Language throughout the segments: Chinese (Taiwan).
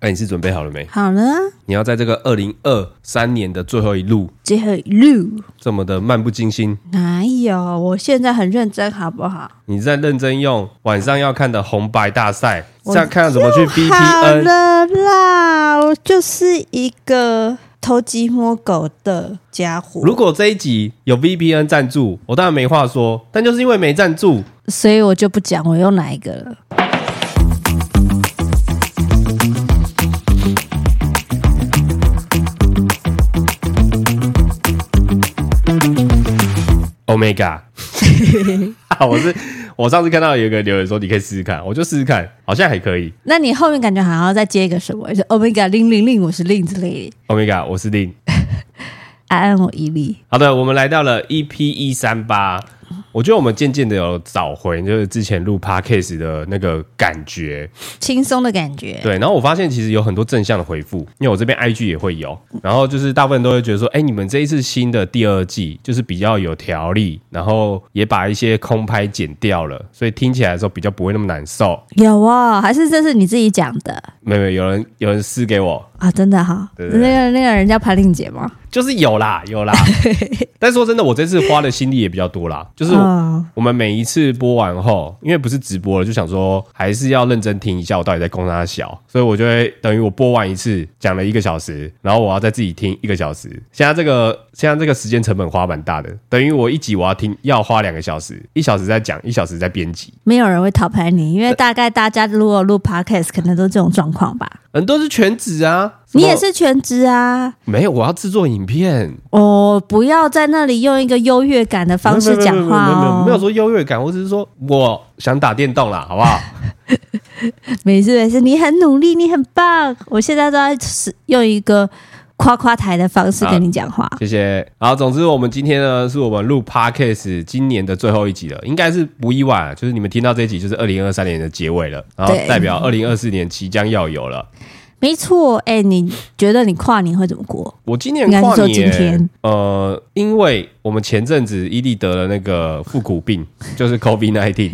哎、欸，你是準備好了沒？好了，你要在這個二零二三年的最後一路，最後一路，這麼的漫不經心？哪有？我現在很認真，好不好？你在認真用晚上要看的紅白大賽，這樣看怎麼去 VPN？好了啦，我就是一個偷雞摸狗的家伙。如果這一集有 VPN 贊助，我當然沒話說。但就是因為沒贊助，所以我就不講我用哪一個了。Omega 啊、我是我上次看到有個留言說你可以試試看，我就試試看，好像還可以。那你後面感覺好像在接一個什麼？是 Omega Lean Lean Lean，我是 Lean, 零之類的。Omega，我是 Lean。I am Illy。好的，我們來到了 EP 一三八。我覺得我們漸漸的有找回，就是之前錄 podcast 的那個感覺，輕鬆的感覺。對，然後我發現其實有很多正向的回復，因為我這邊 IG 也會有，然後就是大部分都會覺得說，哎、欸，你們這一次新的第二季就是比較有條理，然後也把一些空拍剪掉了，所以聽起來的時候比較不會那麼難受。有啊、哦，還是這是你自己講的？嗯、沒有沒，有人有人私給我。啊，真的好，對對對那個那個人叫潘令杰嗎？就是有啦，有啦。 但說真的，我這次花的心力也比較多啦。就是我們每一次播完後，因為不是直播了，就想說還是要認真聽一下，我到底在攻他小，所以我就會等於我播完一次，講了一個小時，然後我要再自己聽一個小時。現在這個。這樣這個時間成本花蠻大的，等於我一集我要聽，要花兩個小時，一小時在講，一小時在編輯。沒有人會討拍你，因為大概大家如果錄 Podcast、呃、可能都這種狀況吧。很、嗯、多是全職啊，你也是全職啊。沒有，我要製作影片。我、哦、不要在那裡用一個優越感的方式講話、哦。沒有沒有，沒有，沒有沒有說優越感，我只是說我想打電動啦，好不好？ 沒事沒事，你很努力，你很棒。我現在都在用一個誇誇台的方式跟你講話，好，謝謝。然後，總之，我們今天呢，是我們錄 podcast 今年的最後一集了，應該是不意外，就是你們聽到這一集就是二零二三年的結尾了，然後代表二零二四年即將要有了。沒錯，哎、欸，你覺得你跨年會怎麼過？我今年跨年，應該是說今天。呃，因為我們前陣子伊利得了那個復古病， 就是 COVID nineteen，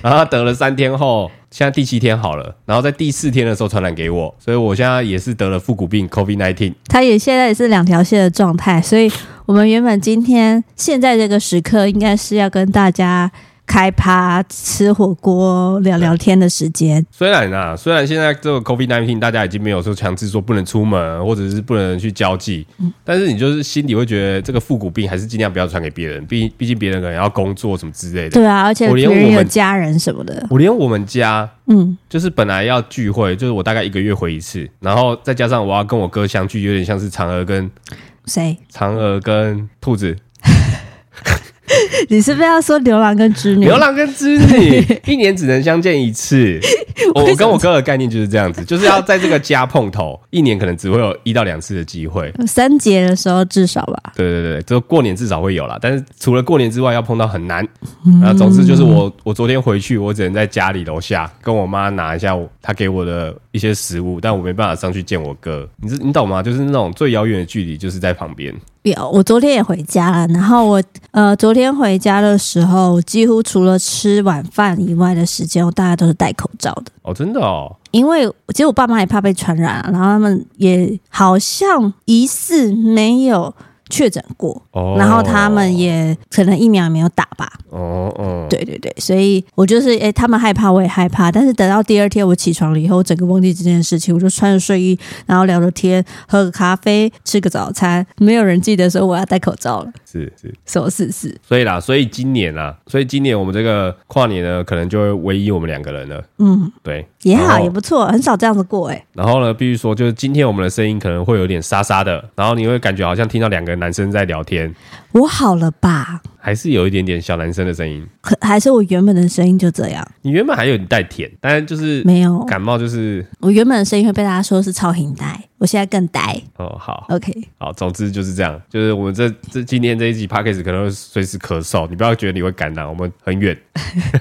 然後他得了三天後，現在第七天好了，然後在第四天的時候傳染給我，所以我現在也是得了復古病 COVID nineteen。他也現在也是兩條線的狀態，所以我們原本今天現在這個時刻，應該是要跟大家開趴、吃火鍋、聊聊天的時間。雖然啊，雖然現在這個 COVID-19 大家已經沒有說強制說不能出門，或者是不能去交際、嗯，但是你就是心裡會覺得這個復古病還是盡量不要傳給別人。畢竟，畢竟別人可能要工作什麼之類的。對啊，而且我連我們人家人什麼的，我連我們家，嗯，就是本來要聚會，就是我大概一個月回一次，然後再加上我要跟我哥相聚，有點像是嫦娥跟誰？嫦娥跟兔子。 你是不是要說牛郎跟織女？牛郎跟織女一年只能相見一次。 我跟我哥的概念就是這樣子，就是要在這個家碰頭，一年可能只會有一到兩次的機會。三節的時候至少吧，對對對，就過年至少會有啦。但是除了過年之外，要碰到很難。然後總之就是我，我昨天回去，我只能在家裡樓下跟我媽拿一下她給我的一些食物，但我沒辦法上去見我哥。你知你懂嗎？就是那種最遙遠的距離，就是在旁邊。我昨天也回家了。然後我，呃，昨天回家的時候，幾乎除了吃晚飯以外的時間，我大概都是戴口罩的。哦，真的哦。因為其實我爸媽也怕被傳染，然後他們也好像疑似沒有確診過，然後他們也可能疫苗也沒有打吧。哦，對對對，所以我就是，誒、欸，他們害怕，我也害怕。但是等到第二天我起床了以後，我整個忘記這件事情，我就穿着睡衣，然後聊着天，喝個咖啡，吃個早餐。沒有人記得說我要戴口罩了。是是，是是是，所以啦，所以今年啊，所以今年我們這個跨年呢，可能就會唯一我們兩個人了。嗯，對，也好，也不錯，很少這樣子過哎、欸。然後呢，必須說，就是今天我們的聲音可能會有點沙沙的，然後你會感覺好像聽到兩個男生在聊天。我好了吧？還是有一點點小男生的聲音，還是我原本的聲音就這樣。你原本還有點帶甜，但是就是沒有感冒，就是我原本的聲音會被大家說是超很呆，我現在更呆。哦，好，OK，好，總之就是這樣。就是我們這這今天這一集 Podcast 可能會隨時咳嗽，你不要覺得你會感染，我們很遠，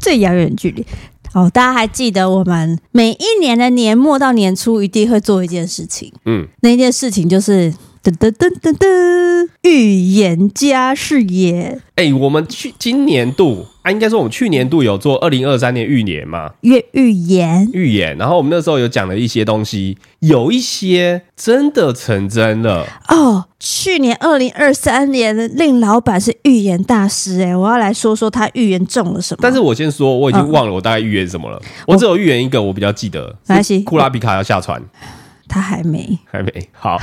最遙遠距離。好，大家還記得我們每一年的年末到年初一定會做一件事情，嗯，那一件事情就是。噔噔噔噔預言家是也。哎、欸，我們去今年度啊，應該說我們去年度有做二零二三年預言嘛？預言，預言,預言。然後我們那時候有講了一些東西，有一些真的成真了哦。去年二零二三年，令老板是預言大師哎、欸，我要來說說他預言中了什麼。但是我先說，我已經忘了我大概預言什麼了。哦、我只有預言一個，我比較記得。沒關係，庫拉皮卡要下船，他還沒，還沒好。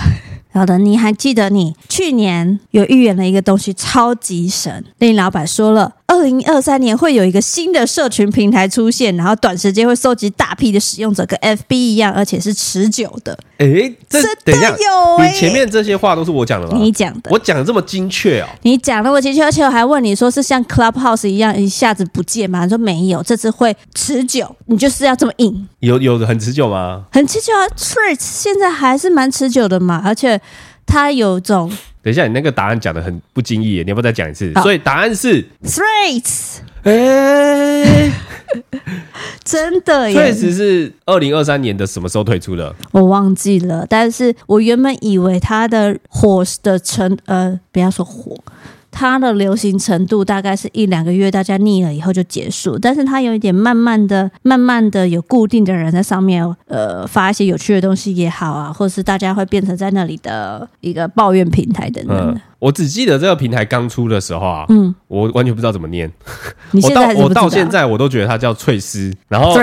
好的，你還記得，你去年有預言了一個東西，超級神。那你老板說了，二零二三年會有一個新的社群平台出現，然後短時間會收集大批的使用者，跟 FB 一樣，而且是持久的。哎、欸，真的有、欸等一下？你前面這些話都是我講的嗎？你講的，我講這麼精確啊、哦！你講的我，那麼精確，而且我還問你說是像 Clubhouse 一樣一下子不見嗎？你說沒有，這次會持久。你就是要這麼硬，有有的很持久嗎？很持久啊，Threads 現在還是蠻持久的嘛，而且。他有種。等一下，你那個答案講得很不經意，你要不要再講一次？Oh. 所以答案是。Threats。欸、 真的耶。Threats 是二零二三年的什麼時候推出的？我忘記了，但是我原本以為他的火的成，呃，不要說火。它的流行程度大概是一兩個月，大家膩了以後就結束。但是它有一點，慢慢的、慢慢的有固定的人在上面，呃，發一些有趣的東西也好啊，或是大家會變成在那裡的一個抱怨平台等等。嗯我只記得這個平台剛出的時候啊，嗯，我完全不知道怎麼念。 你知道我到我到現在我都覺得它叫脆絲，然後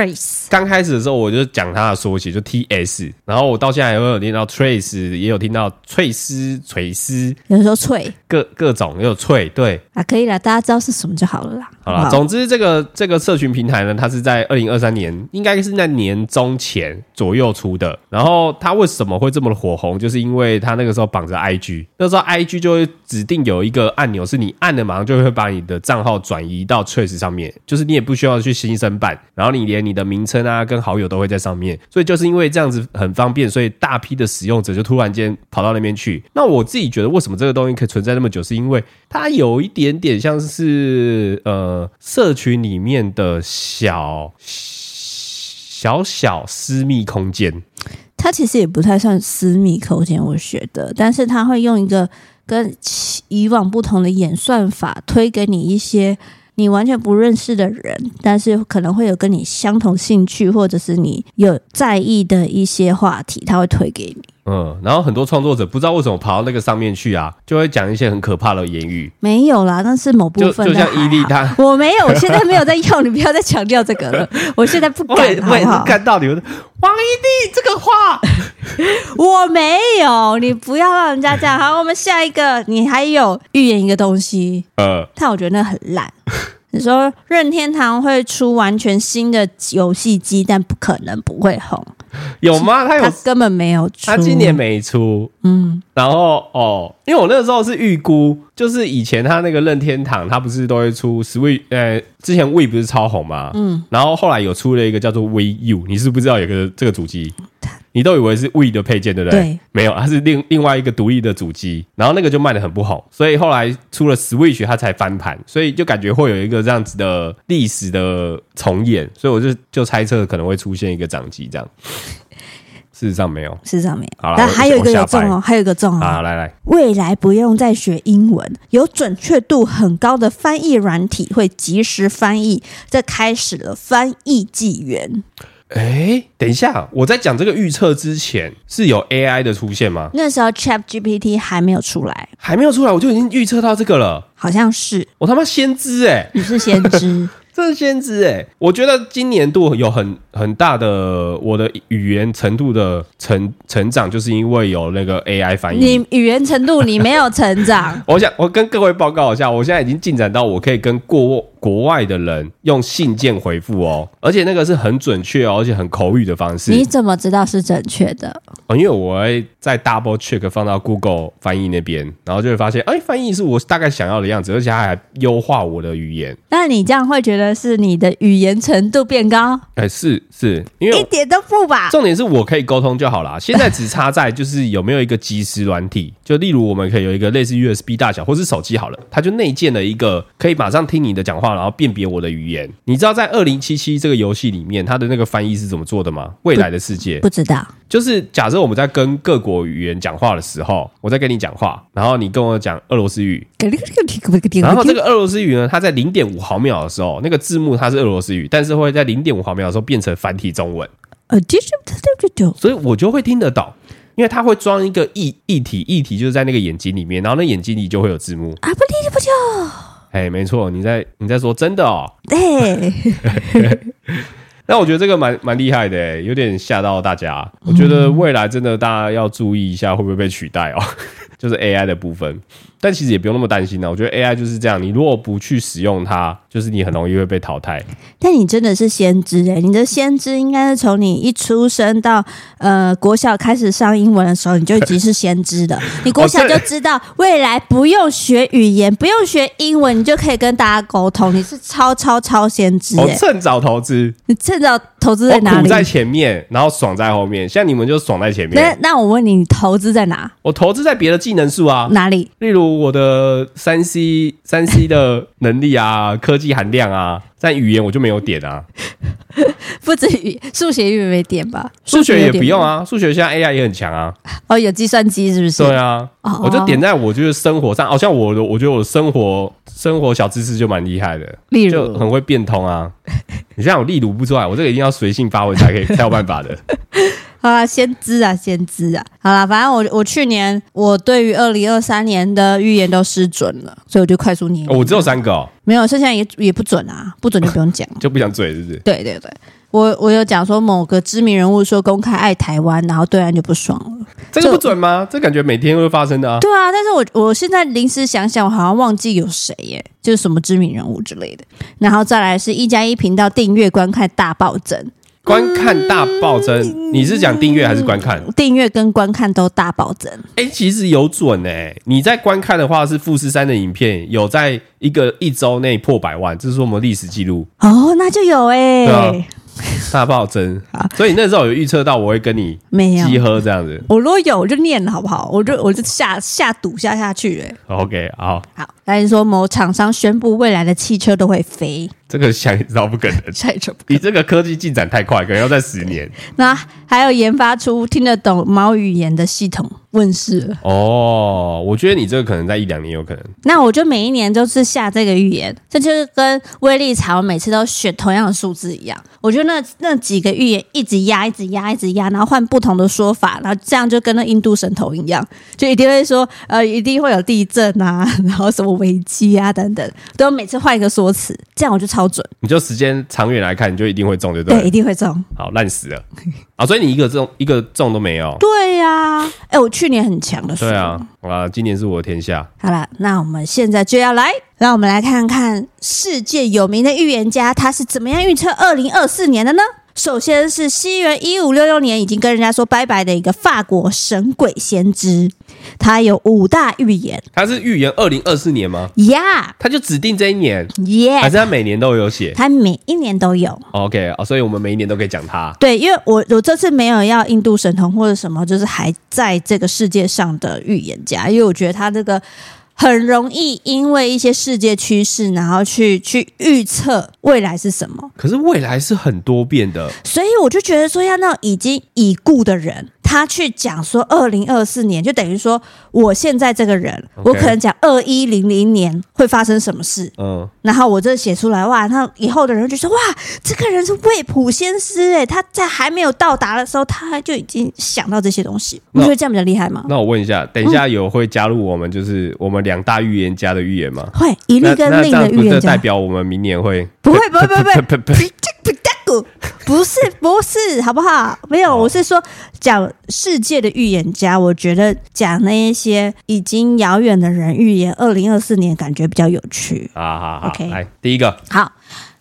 剛開始的時候我就講它的縮寫就 T S，然後我到現在也有念到 Trace，也有聽到脆絲、垂絲，有時候脆各各種又脆，對啊，可以了，大家知道是什麼就好了啦。好了，總之這個這個社群平台呢，它是在二零二三年應該是在年中前左右出的。然後它為什麼會這麼火紅，就是因為它那個時候綁着 I G，那時候 I G 就會。就指定有一個按鈕，是你按了，馬上就會把你的賬號轉移到 Threads 上面，就是你也不需要去新生辦，然後你連你的名稱啊跟好友都會在上面，所以就是因為這樣子很方便，所以大批的使用者就突然間跑到那邊去。那我自己覺得，為什麼這個東西可以存在那麼久，是因為它有一點點像是呃，社群裡面的小小小私密空間。它其實也不太算私密空間，我覺得，但是它會用一個。跟以往不同的演算法，推給你一些你完全不認識的人，但是可能會有跟你相同興趣，或者是你有在意的一些話題，他會推給你。嗯，然後很多創作者不知道為什麼跑到那個上面去啊，就會講一些很可怕的言語。沒有啦，但是某部分的就就像伊麗他，他我沒有，我現在沒有在用， 你不要再強調這個了。我現在不敢，我也是看到你們王伊麗這個話， 我沒有，你不要讓人家這樣。好，我們下一個，你還有預言一個東西，嗯，但我覺得那很爛。 你說任天堂會出完全新的遊戲機，但不可能不會紅，有嗎？他有，他根本沒有出，他今年沒出，嗯。然後哦，因為我那個時候是預估，就是以前他那個任天堂，他不是都會出 Wii，呃，之前 Wii 不是超紅嘛，嗯。然後後來有出了一個叫做 Wii U，你是不，是不知道有個這個主機。你都以為是 Wii 的配件，對不對？對，沒有，它是另另外一個獨立的主機，然後那個就賣得很不好，所以後來出了 Switch，它才翻盤，所以就感覺會有一個這樣子的歷史的重演，所以我就就猜測可能會出現一個掌機這樣。事實上沒有，事實上沒有。好，那還有一個有重哦，還有一個重啊，來來，未來不用再學英文，有準確度很高的翻譯軟體會即時翻譯，這開始了翻譯紀元。哎、欸，等一下，我在講這個預測之前是有 AI 的出現嗎？那時候 ChatGPT 還沒有出來，還沒有出來，我就已經預測到這個了。好像是。我他媽先知哎、欸，你是先知，這 是先知哎、欸。我覺得今年度有很很大的我的語言程度的成成長，就是因為有那個 AI 反應。你語言程度你沒有成長， 我想我跟各位報告一下，我現在已經進展到我可以跟過國外的人用信件回復哦，而且那個是很準確哦，而且很口語的方式。你怎麼知道是準確的？哦，因為我會再 double check 放到 Google 翻譯那邊，然後就會發現，哎，翻譯是我大概想要的樣子，而且還優化我的語言。那你這樣會覺得是你的語言程度變高？哎，是是，因為一點都不吧。重點是我可以溝通就好啦，現在只差在就是有沒有一個即時軟體， 就例如我們可以有一個類似 USB 大小或是手機好了，它就內建了一個可以馬上聽你的講話。然後辨別我的語言，你知道在二零七七這個遊戲裡面，它的那個翻譯是怎麼做的嗎？未來的世界不知道。就是假設我們在跟各國語言講話的時候，我在跟你講話，然後你跟我講俄羅斯語，然後這個俄羅斯語呢，它在零點五毫秒的時候，那個字幕它是俄羅斯語，但是會在零點五毫秒的時候變成繁體中文。所以，我就會聽得到，因為它會裝一個義義體、義體，就是在那個眼睛裡面，然後那眼睛裡就會有字幕。啊不，不不不。哎、欸，沒錯，你在你在說真的哦？對，那我覺得這個蠻蠻厲害的、欸，有點嚇到大家。我覺得未來真的大家要注意一下，會不會被取代哦、喔嗯。 就是 AI 的部分，但其實也不用那麼擔心呢、啊。我覺得 AI 就是這樣，你如果不去使用它，就是你很容易會被淘汰。但你真的是先知哎、欸！你的先知應該是從你一出生到呃國小開始上英文的時候，你就已經是先知的。你國小就知道未來不用學語言， 不用學英文，你就可以跟大家溝通。你是超超超先知我、欸哦、趁早投資，你趁早投資在哪裡？苦在前面，然後爽在後面。像你們就爽在前面。那那我問你，你投資在哪？我投資在別的。技能數啊，哪裡？例如我的三 C 三 C 的能力啊， 科技含量啊，但語言我就沒有點啊， 不至於數學語沒點吧？數學也不用啊，數學，數學現在 AI 也很強啊。哦，有計算機是不是？對啊，哦哦我就點在我就是生活上，好、哦、像我我覺得我的生活生活小知識就蠻厲害的，例如就很會變通啊。 你像我例如不出來，我這個一定要隨性發文才可以， 才有辦法的。啊，先知啊，先知啊！好啦，反正我我去年我對於二零二三年的預言都失準了，所以我就快速念、哦。我只有三個哦，沒有，剩下也也不準啊，不準就不用講、哦、就不想嘴是不是？對對對，我我有講說某個知名人物說公開愛台灣，然後對岸就不爽了，這個不準嗎？這感覺每天都會發生的啊。對啊，但是我我現在臨時想想，我好像忘記有誰耶、欸，就是什麼知名人物之類的。然後再來是一加一頻道訂閱觀看大暴增。觀看大暴增，你是講訂閱還是觀看、嗯？訂閱跟觀看都大暴增。誒，其實有準誒、欸，你在觀看的話是富士山的影片，有在一個一周內破百萬，這是我們歷史記錄。哦，那就有誒、欸。對啊大爆增啊！所以那時候有預測到我會跟你雞喝這樣子，我如果有我就念了好不好？我就我就下下賭下下去哎。OK，好、oh.。好，但是說某廠商宣布未來的汽車都會飛，這個想也知道不可能，太扯。你這個科技進展太快，可能要再十年。那還有研發出聽得懂貓語言的系統。問世了哦，oh, 我覺得你這個可能在一兩年有可能。那我就每一年都是下這個預言，這就是跟威力彩我每次都選同樣的數字一樣。我覺得那那幾個預言一直壓,一直壓，一直壓，一直壓，然後換不同的說法，然後這樣就跟那印度神童一樣，就一定會說呃，一定會有地震啊，然後什麼危機啊等等，都每次換一個說辭，這樣我就超準。你就時間長遠來看，你就一定會中，對不對？對，一定會中。好爛死了啊！ oh, 所以你一個中一個中都沒有。啊！哎，我去年很強的時候，對啊，哇、啊，今年是我的天下。好啦，那我們現在就要來，讓我們來看看世界有名的預言家他是怎麼樣預測二零二四年的呢？首先是西元一五六六年已經跟人家說拜拜的一個法國神鬼先知，他有五大預言，他是預言二零二四年嗎？Yeah，他就指定這一年，Yeah，還是他每年都有寫，他每一年都有，OK，哦，oh，所以我們每一年都可以講他。對，因為我我這次沒有要印度神童或者什麼，就是還在這個世界上的預言家，因為我覺得他這個。很容易因為一些世界趨勢，然後去去預測未來是什麼。可是未來是很多變的，所以我就覺得說，要那種已經已故的人。他去講說2024，二零二四年，就等於說，我現在這個人，okay, 我可能講二一零零年會發生什麼事。嗯，然後我這寫出來，哇，那以後的人就說，哇，這個人是未卜先知，哎，他在還沒有到達的時候，他就已經想到這些東西。你覺得這樣比較厲害嗎？那我問一下，等一下有會加入我們，就是我們兩大預言家的預言嗎？嗯？會，一例跟令的預言家，這代表我們明年會 不會？不會，不會，不會，不不不。 不是不是，好不好？ 沒有，我是說講世界的預言家，我覺得講那一些已經遙遠的人預言二零二四年，感覺比較有趣。啊，好、啊，OK，來第一個，好。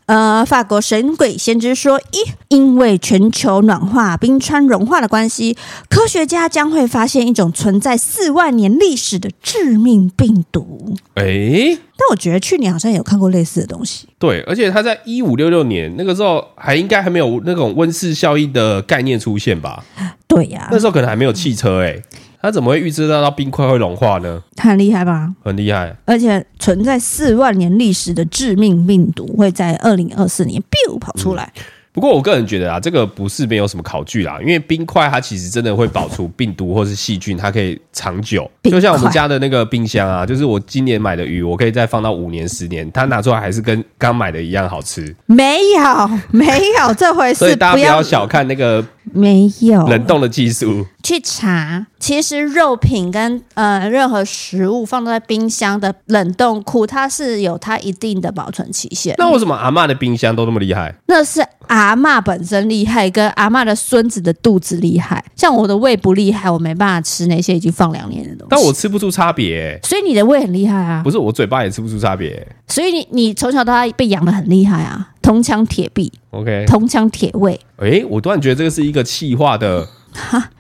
呃，法國神鬼先知說，因因為全球暖化、冰川融化的關係，科學家將會發現一種存在四萬年歷史的致命病毒。哎、欸，但我覺得去年好像有看過類似的東西。對，而且他在一五六六年那個時候，還應該還沒有那種溫室效應的概念出現吧？對呀、啊，那時候可能還沒有汽車哎、欸。嗯。他怎麼會預知到冰塊會融化呢？很厲害吧？很厲害，而且存在四萬年歷史的致命病毒會在二零二四年 “biu” 跑出來。嗯。不過我個人覺得啊，這個不是沒有什麼考據啦，因為冰塊它其實真的會保出病毒或是細菌，它可以長久。就像我們家的那個冰箱啊，就是我今年買的魚，我可以再放到五年、十年，它拿出來還是跟剛買的一樣好吃。沒有，沒有 這回事，所以大家不要小看那個。沒有冷凍的技術去查，其實肉品跟呃任何食物放在冰箱的冷凍庫，它是有它一定的保存期限。那為什麼阿嬤的冰箱都那麼厲害？那是阿嬤本身厲害，跟阿嬤的孫子的肚子厲害。像我的胃不厲害，我沒辦法吃那些已經放兩年的東西。但我吃不出差別，所以你的胃很厲害啊。不是，我嘴巴也吃不出差別，所以你，你從小到大被養得很厲害啊。銅牆鐵壁，OK，銅牆鐵位，哎、欸，我突然覺得這個是一個企劃的，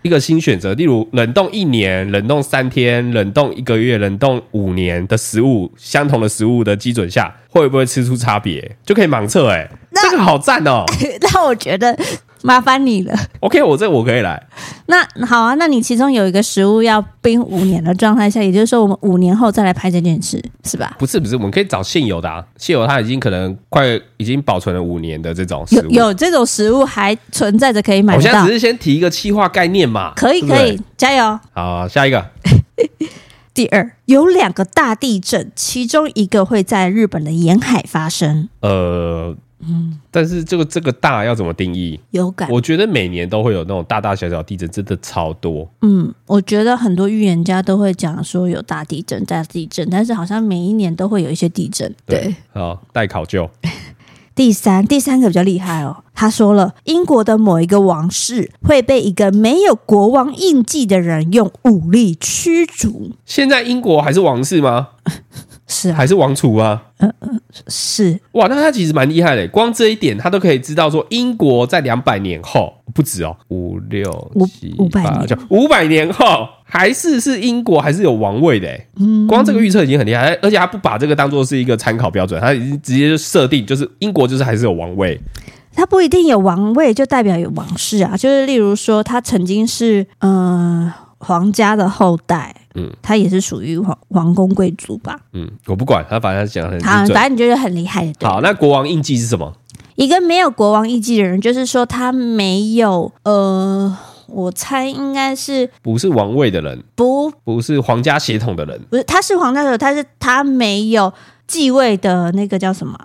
一個新選擇。例如，冷凍一年、冷凍三天、冷凍一個月、冷凍五年的食物，相同的食物的基準下，會不會吃出差別？就可以盲測、欸，哎，這個好讚哦、喔欸。那我覺得。麻煩你了。OK，我這我可以來。 那好啊，那你其中有一個食物要冰五年的狀態下，也就是說，我們五年後再來拍這件事，是吧？不是不是，我們可以找現有的啊，現有它已經可能快已經保存了五年的這種，食物有。有這種食物還存在着可以買到。我現在只是先提一個企劃概念嘛， 可以可以，對對加油。好、啊，下一個。 第二，有兩個大地震，其中一個會在日本的沿海發生。呃。嗯，但是這個這個大要怎麼定義？有感，我覺得每年都會有那種大大小小地震，真的超多。嗯，我覺得很多預言家都會講說有大地震、大地震，但是好像每一年都會有一些地震。對，對，好，待考究。 第三第三個比較厲害哦，他說了，英國的某一個王室會被一個沒有國王印記的人用武力驅逐。現在英國還是王室嗎？ 是、啊、還是王儲啊？嗯嗯，是哇，那他其實蠻厲害的，光這一點他都可以知道說英國在兩百年後不止哦、喔，5, 6, 7, 8, 五六五五百年五百年後還是是英國還是有王位的，嗯，光這個預測已經很厲害，嗯，而且他不把這個當做是一個參考標準，他已經直接就設定就是英國就是還是有王位，他不一定有王位就代表有王室啊，就是例如說他曾經是嗯、呃、皇家的後代。嗯，他也是屬於皇皇宮貴族吧？嗯，我不管，他反正他講得很，反正你覺得很厲害，對，好，那國王印記是什麼？一個沒有國王印記的人，就是說他沒有呃，我猜應該是不是王位的人，不，不是皇家血統的人，不是，他是皇家血統，他是他沒有繼位的那個叫什麼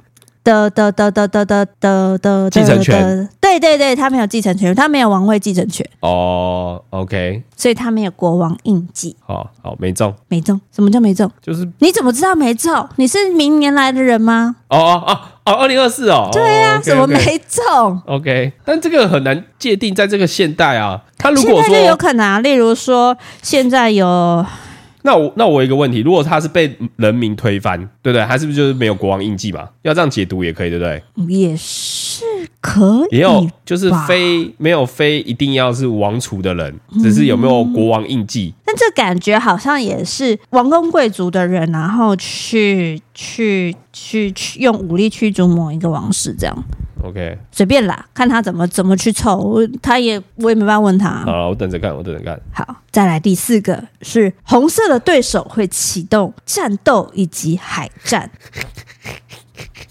的的的的的的的繼承權。對對對，他沒有繼承權，他沒有王位繼承權。哦、oh, OK，所以他沒有國王印記。好好，沒中，沒中。什麼叫沒中？就是你怎麼知道沒中？你是明年來的人嗎？哦哦哦哦，二零二四哦。對呀、啊，怎麼沒中，oh, okay, okay.？OK，但這個很難界定，在這個現代啊，他如果說現在有可能啊，例如說現在有，那我那我有一個問題，如果他是被人民推翻，對不對？他是不是就是沒有國王印記嘛？要這樣解讀也可以，對不對？也是。是可以，就是非沒有非一定要是王儲的人，只是有沒有國王印記。嗯，但這感覺好像也是王公貴族的人，然後去去去去用武力驅逐某一個王室這樣。OK，隨便啦，看他怎麼怎麼去湊，他也我也沒辦法問他。好，我等着看，我等着看。好，再來第四個是紅色的對手會啟動戰鬥以及海戰。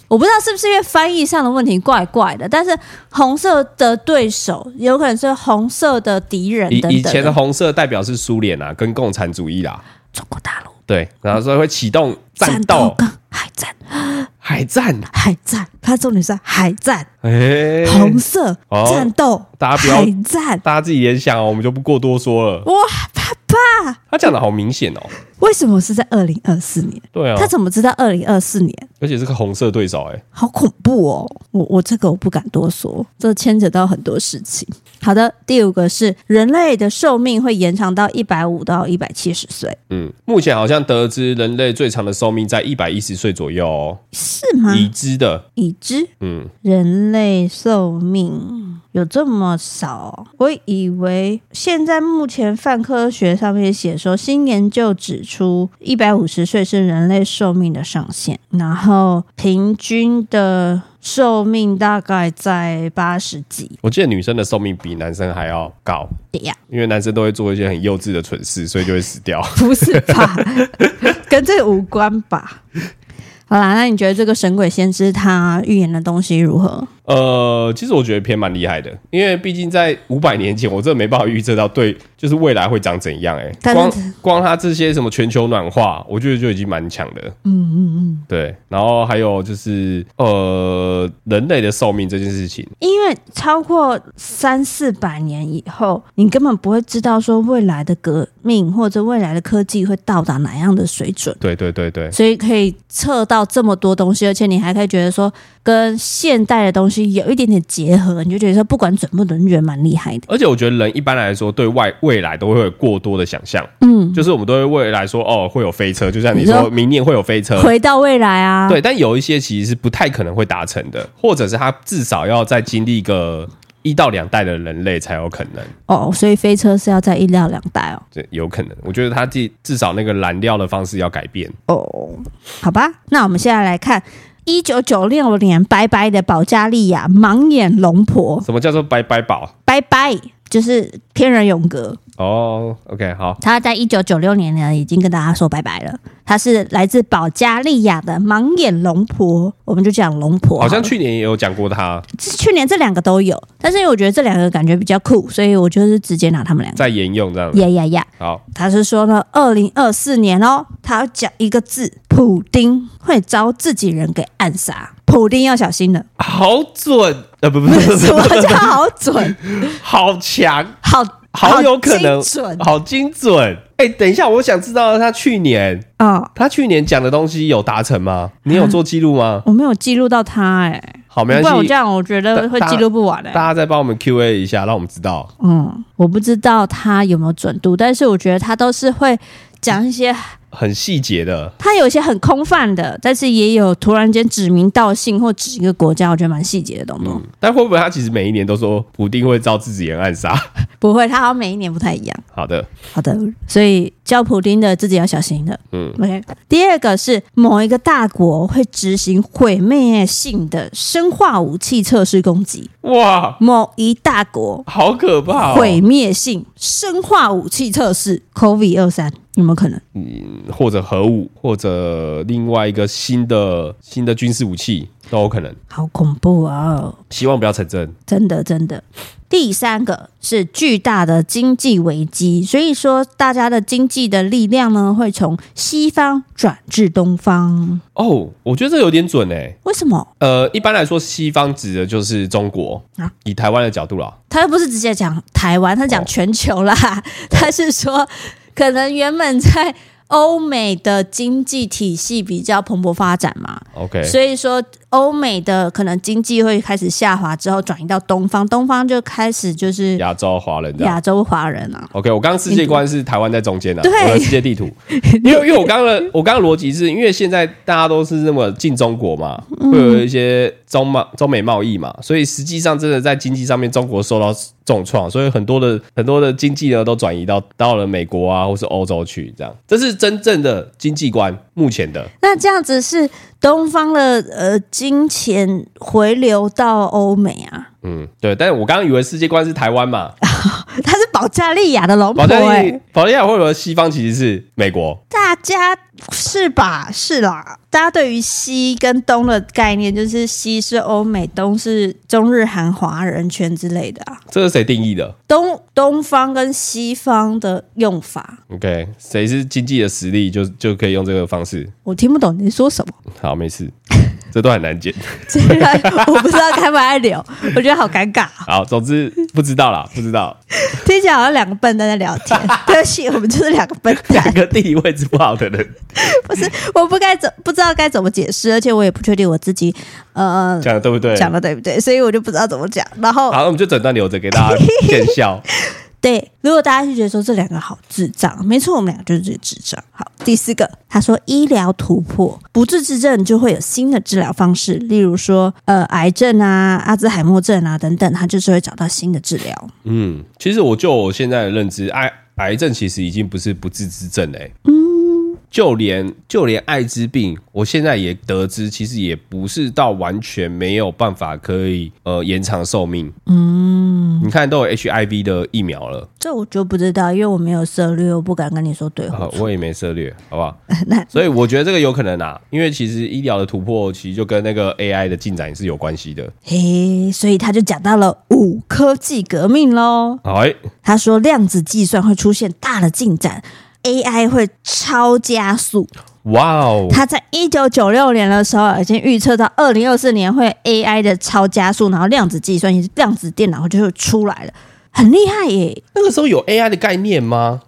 我不知道是不是因為翻譯上的問題，怪怪的。但是紅色的對手有可能是紅色的敵人等等。以前的紅色代表是蘇聯啊，跟共產主義啦，中國大陸。對，然後所以會啟動戰鬥、戰鬥跟海戰、海戰、海戰。它重點是海戰，欸、紅色、哦、戰鬥。大家不要海戰，大家自己聯想哦，我們就不過多說了。哇，爸爸，他講得好明顯哦。為什麼是在二零二四年？對啊，他怎麼知道二零二四年？而且是個紅色對手欸。哎，好恐怖哦！我我這個我不敢多說，這牽扯到很多事情。好的，第五個是人類的壽命會延長到一百五到一百七十歲。嗯，目前好像得知人類最長的壽命在一百一十歲左右喔，是嗎？已知的，已知。嗯，人類壽命有這麼少？我以為現在目前泛科學上面寫說新研究指。出一百五十歲是人類壽命的上限，然後平均的壽命大概在八十幾。我記得女生的壽命比男生還要高，對呀，因為男生都會做一些很幼稚的蠢事，所以就會死掉。 不是吧？ 跟這個無關吧？好啦，那你覺得這個神鬼先知他預言的東西如何？呃，其實我覺得偏蠻厲害的，因為畢竟在五百年前，我真的沒辦法預測到對，就是未來會長怎樣。欸。哎，光光它這些什麼全球暖化，我覺得就已經蠻強的。嗯嗯嗯，對。然後還有就是呃，人類的壽命這件事情，因為超過三四百年以後，你根本不會知道說未來的革命或者未來的科技會到達哪樣的水準。對對對對。所以可以測到這麼多東西，而且你還可以覺得說跟現代的東西。有一點點結合，你就覺得說不管準不準，覺得蠻厲害的。而且我覺得人一般來說對外未來都會有過多的想象，嗯，就是我們對未來，來說哦會有飛車，就像你說，你說明年會有飛車，回到未來啊。對，但有一些其實是不太可能會達成的，或者是他至少要再經歷一個一到兩代的人類才有可能。哦，所以飛車是要在一到兩代哦？對，有可能。我覺得他至至少那個燃料的方式要改變。哦，好吧，那我們現在來看。一九九六年，拜拜的保加利亞盲眼龍婆，什麼叫做拜拜寶？拜拜。就是天人永隔哦，OK，好。他在一九九六年呢，已經跟大家說拜拜了。他是來自保加利亞的盲眼龍婆，我們就講龍婆好。好像去年也有講過他，去年這兩個都有，但是因為我覺得這兩個感覺比較酷，所以我就是直接拿他們倆個，再沿用這樣子。呀呀呀，好，他是說呢，二零二四年哦，他要講一個字，普丁，會遭自己人給暗殺，普丁要小心了。好準，呃，不不不是， 什麼叫好準？ 好。講，好，好有可能，好精準。哎、欸，等一下，我想知道他去年，啊、哦，他去年講的東西有達成嗎、嗯？你有做記錄嗎？我沒有記錄到他、欸，哎，好，沒關係。不然我這樣我覺得會記錄不完的、欸。大家再幫我們 QA 一下，讓我們知道。嗯，我不知道他有沒有準度，但是我覺得他都是會。講一些很細節的，他有一些很空泛的，但是也有突然間指名道姓或指一個國家，我覺得蠻細節的東東，懂不懂？嗯，但會不會他其實每一年都說普丁會遭自己人暗殺，不會，他好像每一年不太一樣。好的，好的，所以叫普丁的自己要小心的。嗯，OK。第二個是某一個大國會執行毀滅性的生化武器測試攻擊，哇！某一大國，好可怕！毀滅性生化武器測試 COVID-23。有沒有可能？嗯，或者核武，或者另外一個新的新的軍事武器都有可能。好恐怖啊、哦！希望不要成真。真的真的。第三個是巨大的經濟危機，所以說大家的經濟的力量呢，會從西方轉至東方。哦，我覺得這個有點準哎、欸。為什麼？呃，一般來說，西方指的就是中國。啊、以台灣的角度啦，他又不是直接講台灣，他講全球啦，他、哦、是說。 可能原本在歐美的經濟體系比較蓬勃發展嘛，OK，所以說。歐美的可能經濟會開始下滑之後，轉移到東方，東方就開始就是亞洲華人，亞洲華人啊。OK，我剛剛世界觀是台灣在中間的，啊，對，我的世界地圖。因為因為我剛剛的我剛剛邏輯是因為現在大家都是那麼進中國嘛，會有一些中貿中美貿易嘛，嗯，所以實際上真的在經濟上面，中國受到重創，所以很多的很多的經濟呢都轉移到到了美國啊，或是歐洲去這樣。這是真正的經濟觀，目前的。那這樣子是。東方的呃金錢回流到歐美啊，嗯，對，但是我剛剛以為世界觀是台灣嘛，他 是。保加利亞的龍、欸，保加利亞或者西方其實是美國，大家是吧？是啦，大家對於西跟東的概念，就是西是歐美，東是中日韓華人圈之類的啊。這是誰定義的？東東方跟西方的用法？OK，誰是經濟的實力，就就可以用這個方式。我聽不懂你說什麼。好，沒事。這都很難解，我不知道該不該留， 我覺得好尷尬。好，總之不知道啦，不知道。聽起來好像兩個笨蛋在聊天， 對不起，我們就是兩個笨蛋，兩個地理位置不好的人。 不是，我不該怎不知道該怎麼解釋，而且我也不確定我自己，呃，講的對不對？講的對不對？所以我就不知道怎麼講。然後，好，我們就整段留着給大家見笑。對，如果大家就覺得說這兩個好智障，沒錯，我們兩個就是最智障。好，第四個，他說醫療突破不治之症就會有新的治療方式，例如說呃癌症啊、阿茲海默症啊等等，他就是會找到新的治療。嗯，其實我就我現在的認知，癌癌症其實已經不是不治之症嘞、欸。嗯，就連就連艾滋病，我現在也得知，其實也不是到完全沒有辦法可以呃延長壽命。嗯。你看都有 HIV 的疫苗了，這我就不知道，因為我沒有涉略，我不敢跟你說對話好、啊，我也沒涉略，好不好？ 那所以我覺得這個有可能啊，因為其實醫療的突破其實就跟那個 AI 的進展也是有關係的。嘿、欸，所以他就講到了五科技革命嘍。哎、欸，他說量子計算會出現大的進展，AI 會超加速。哇哦！他在一九九六年的時候已經預測到二零二四年會 AI 的超加速，然後量子計算也是量子電腦就會出來了，很厲害耶。那個時候有 AI 的概念嗎？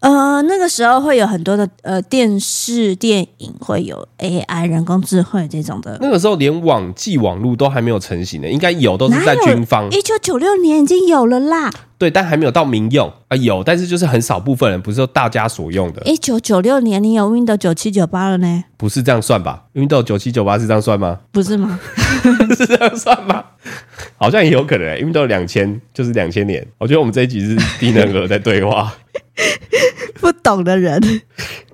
呃，那個時候會有很多的呃電視電影會有 AI 人工智慧這種的。那個時候連網際網路都還沒有成型的，應該有都是在軍方。一九九六年已經有了啦。對，但還沒有到民用啊，呃，有，但是就是很少部分人不是說大家所用的。一九九六年你有 Windows 九七九八了呢？不是這樣算吧？Windows 九七九八是這樣算嗎？不是嗎？ 是這樣算嗎？好像也有可能。因為 Windows 兩千就是兩千年。我覺得我們這一集是低能兒在對話。 不懂的人，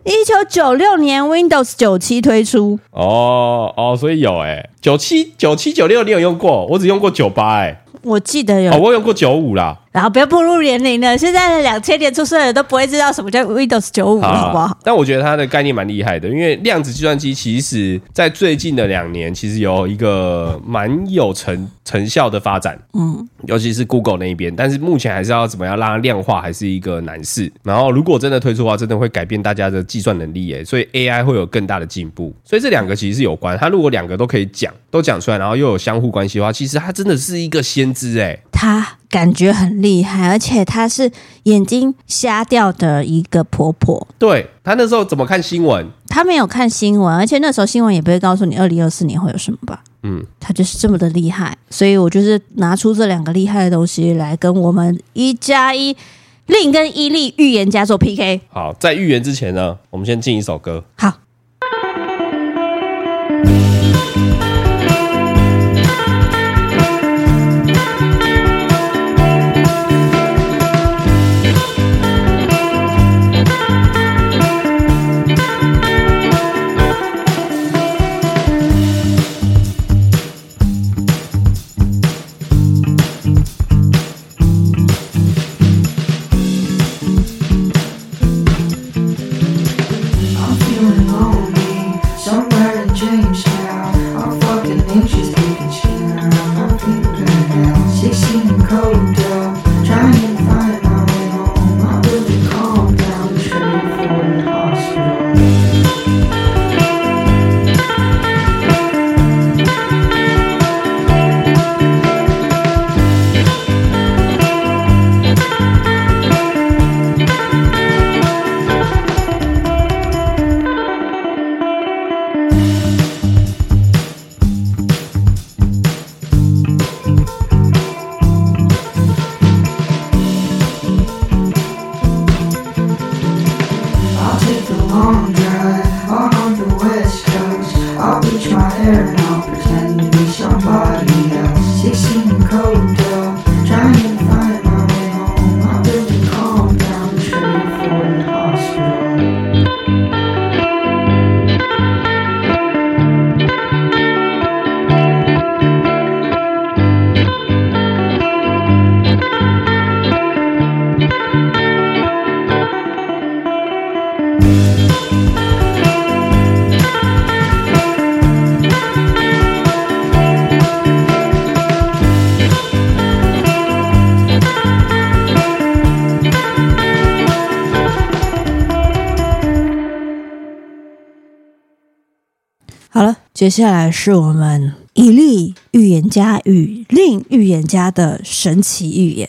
一九九六年 Windows 九七推出哦哦，所以有哎、欸，九七九七九六你有用過，我只用過九八哎，我記得有、哦，我有用過九五啦。然後不要步入年齡了，現在兩千年出生的人都不會知道什麼叫 Windows 九五，好不好？好啊，但我覺得它的概念蠻厲害的，因為量子計算機其實，在最近的兩年，其實有一個蠻有成成效的發展。嗯，尤其是 Google 那一邊，但是目前還是要怎麼樣讓它量化，還是一個難事。然後如果真的推出的話，真的會改變大家的計算能力，哎，所以 AI 會有更大的進步。所以這兩個其實是有關，它如果兩個都可以講，都講出來，然後又有相互關係的話，其實它真的是一個先知耶，哎，它。感覺很厲害，而且她是眼睛瞎掉的一個婆婆。對，她那時候怎麼看新聞？她沒有看新聞，而且那時候新聞也不會告訴你二零二四年會有什麼吧？嗯，她就是這麼的厲害，所以我就是拿出這兩個厲害的東西來跟我們一加一令跟伊利預言家做 PK。好，在預言之前呢，我們先進一首歌。好。接下來是我們一例預言家與令預言家的神奇預言。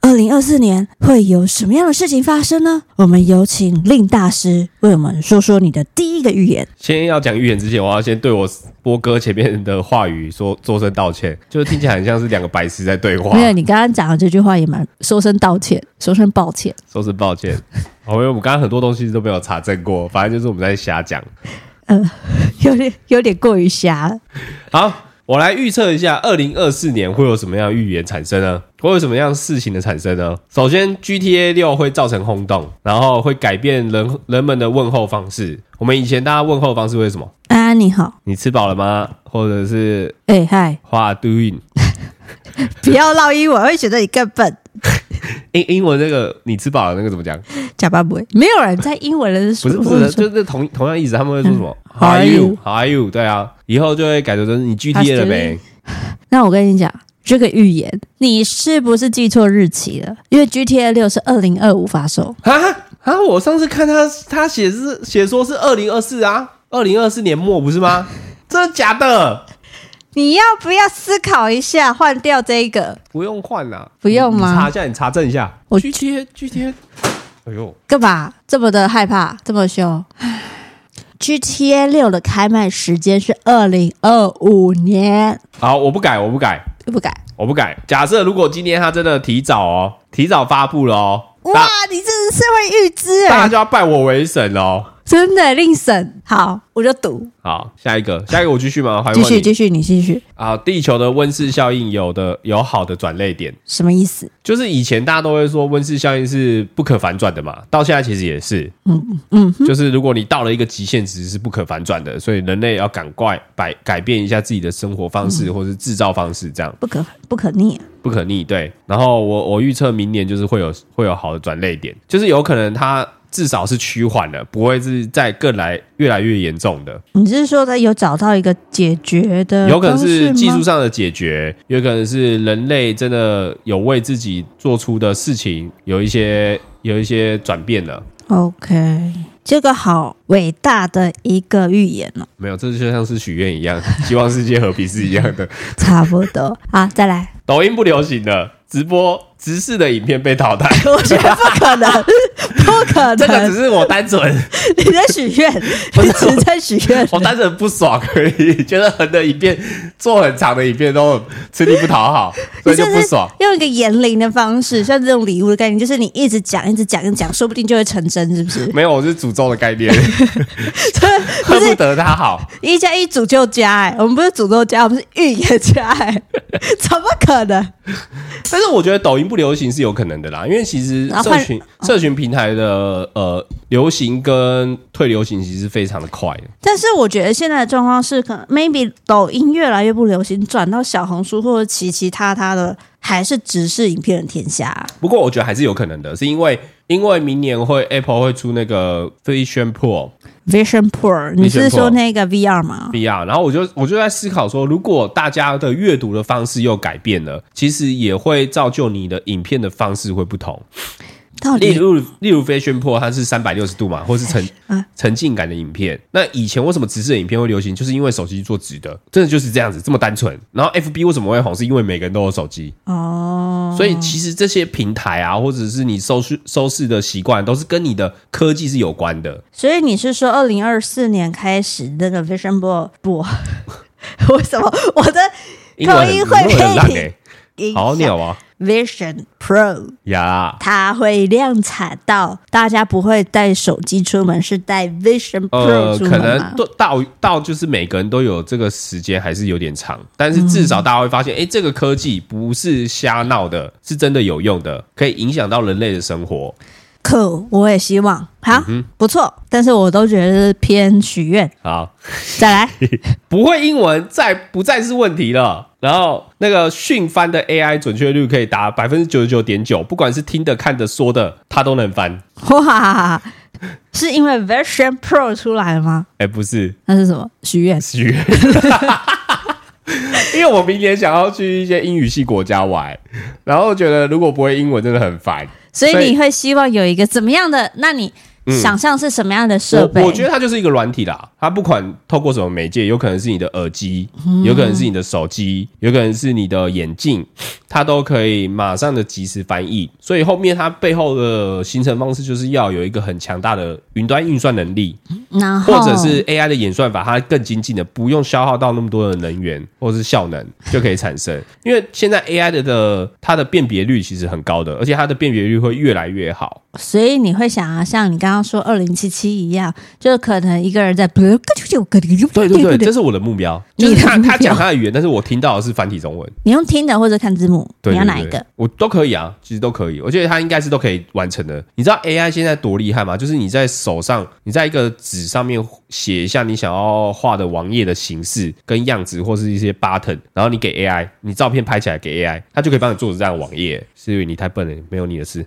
二零二四年會有什麼樣的事情發生呢？我們有請令大師為我們說說你的第一個預言。先要講預言之前，我要先對我波哥前面的話語說聲道歉，就是聽起來很像是兩個白痴在對話。 沒有，你剛剛講的這句話也蠻說聲道歉，說聲抱歉，說聲抱歉。 oh, 因為我們剛剛很多東西都沒有查證過，反正就是我們在瞎講。呃，有點有點過於瞎了。好，我來預測一下，二零二四年會有什麼樣預言產生呢？會有什麼樣事情的產生呢？首先，GTA 六會造成轟動，然後會改變人人們的問候方式。我們以前大家問候方式為什麼？啊，你好，你吃飽了嗎？或者是哎、欸、嗨花 doing？ 不要烙英文，會覺得你更笨。英英文那個你吃飽了那個怎麼講？假巴不會，沒有人在英文的 不是不是，就是同同樣意思，他們會說什麼？嗯 How are you? How are you? 對啊，以後就會改成你 GTA 了唄。 那我跟你講，這個預言你是不是記錯日期了？因為 G T A 六是二零二五發售啊啊！我上次看他他寫是寫說是二零二四啊，二零二四年末不是嗎？ 真的假的？你要不要思考一下，換掉這個？不用換啦、啊，不用嗎？查一下，你查證一下。我去切，去切。哎呦，幹嘛這麼的害怕，這麼凶？G T A 六的開賣時間是二零二五年。好，我不改，我不改，不改，我不改。假設如果今天他真的提早哦，提早發布了哦，哇，你真是會預知哎，那就要拜我為神哦。真的令神好，我就賭好。下一個，下一個我繼續嗎？繼 續，繼續，你繼續。好、啊，地球的溫室效應有的有好的轉捩點，什麼意思？就是以前大家都會說溫室效應是不可反轉的嘛，到現在其實也是。嗯嗯，嗯，就是如果你到了一個極限值是不可反轉的，所以人類要趕快改改變一下自己的生活方式，或是制造方式，這樣、嗯、不可不可逆，不可逆。對，然後我我預測明年就是會有會有好的轉捩點，就是有可能它。至少是趨緩的，不會是在更來越來越嚴重的。你是說他有找到一個解決的？有可能是技術上的解決，有可能是人類真的有為自己做出的事情，有一些有一些轉變了。OK，這個好偉大的一個預言了。沒有，這就像是許願一樣，希望世界和平是一樣的， 差不多啊。好，再來，抖音不流行的直播，直式的影片，被淘汰，我覺得不可能， 不可能。這個只是我單純你在許願，你只是在許願。我單純不爽而已，覺得很多影片做很長的影片都吃力不討好，所以就不爽。用一個言靈的方式，像這種禮物的概念，就是你一直講，一直講，一講說不定就會成真，是不是？沒有，我是詛咒的概念 ，恨不得他好。一加一詛咒加，哎，我們不是詛咒加，我們是預言加，哎，怎麼可能 但是我覺得抖音不流行是有可能的啦，因為其實社群，啊啊、社群平台的呃流行跟退流行其實非常的快。但是我覺得現在的狀況是，可能 maybe 抖音越來越不流行，轉到小紅書或者其其他他的還是直式影片的天下啊。不過我覺得還是有可能的，是因為。因為明年會 Apple 會出那個 Vision Pro，Vision Pro，你是說那個 VR 嗎？VR，然後我就我就在思考說，如果大家的閱讀的方式又改變了，其實也會造就你的影片的方式會不同。例如，例如，例如，Vision Pro 它是三百六十度嘛，或是沉沉浸感的影片。那以前為什麼直視的影片會流行，就是因為手機做直的，真的就是這樣子，這麼單純。然後，FB 為什麼會紅，是因為每個人都有手機哦。所以，其實這些平台啊，或者是你收視收視的習慣，都是跟你的科技是有關的。所以你是說，二零二四年開始那個 Vision Pro？不，為 什麼我的口音會變、欸？好鳥啊！你好嗎 Vision Pro，呀，它會量產到大家不會帶手機出門，是帶 Vision Pro 出門。呃，可能到到就是每個人都有這個時間還是有點長，但是至少大家會發現，哎，嗯，欸，這個科技不是瞎鬧的，是真的有用的，可以影響到人類的生活。可、cool，我也希望好，嗯，不錯，但是我都覺得是偏許願。好，再來， 不會英文再不再是問題了。然後那個訊翻的 AI 準確率可以達百分之九十九點九，不管是聽的、看的、說的，它都能翻。哇，是因為 Version Pro 出來了嗎？哎，欸，不是，那是什麼？許願，許願， 因為我明年想要去一些英語系國家玩，然後覺得如果不會英文真的很煩。所以你會希望有一個怎麼樣的？那你想象是什麼樣的設備？我，我覺得它就是一個軟體啦，它不管透過什麼媒介，有可能是你的耳機、嗯，有可能是你的手機，有可能是你的眼鏡，它都可以馬上的及時翻譯。所以後面它背後的形成方式，就是要有一個很強大的雲端運算能力。然後或者是 AI 的演算法，它更精進的，不用消耗到那麼多的能源或者是效能就可以產生。 因為現在 AI 的的它的辨別率其實很高的，而且它的辨別率會越來越好。所以你會想啊，像你剛剛說二零七七一樣，就是可能一個人在對對對，這是我的目標。你的目標就是他講他的語言，但是我聽到的是繁體中文。你用聽的或者看字幕？對對對，你要哪一個？我都可以啊，其實都可以。我覺得它應該是都可以完成的。你知道 AI 現在多厲害嗎？就是你在手上，你在一個紙。紙上面寫一下你想要畫的網頁的形式跟樣子，或是一些 button，然後你給 AI，你照片拍起來給 AI，他就可以幫你做這樣的網頁。是因為你太笨了，沒有你的事。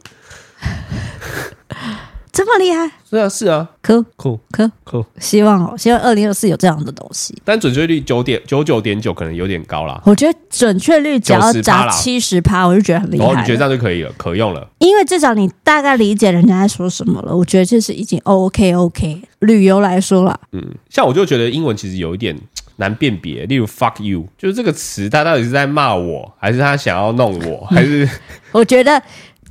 這麼厲害？是啊，是啊，酷酷酷酷！希望哦，希望二零二四有這樣的東西。但準確率九點九九點九可能有點高啦。我覺得準確率只要砸七十趴，我就覺得很厲害。你覺得這樣就可以了，可用了。因為至少你大概理解人家在說什麼了。我覺得這是已經 OK OK。旅遊來說了，嗯，像我就覺得英文其實有一點難辨別。例如 “fuck you”，就是這個詞，他到底是在罵我，還是他想要弄我，還是、嗯？ 我覺得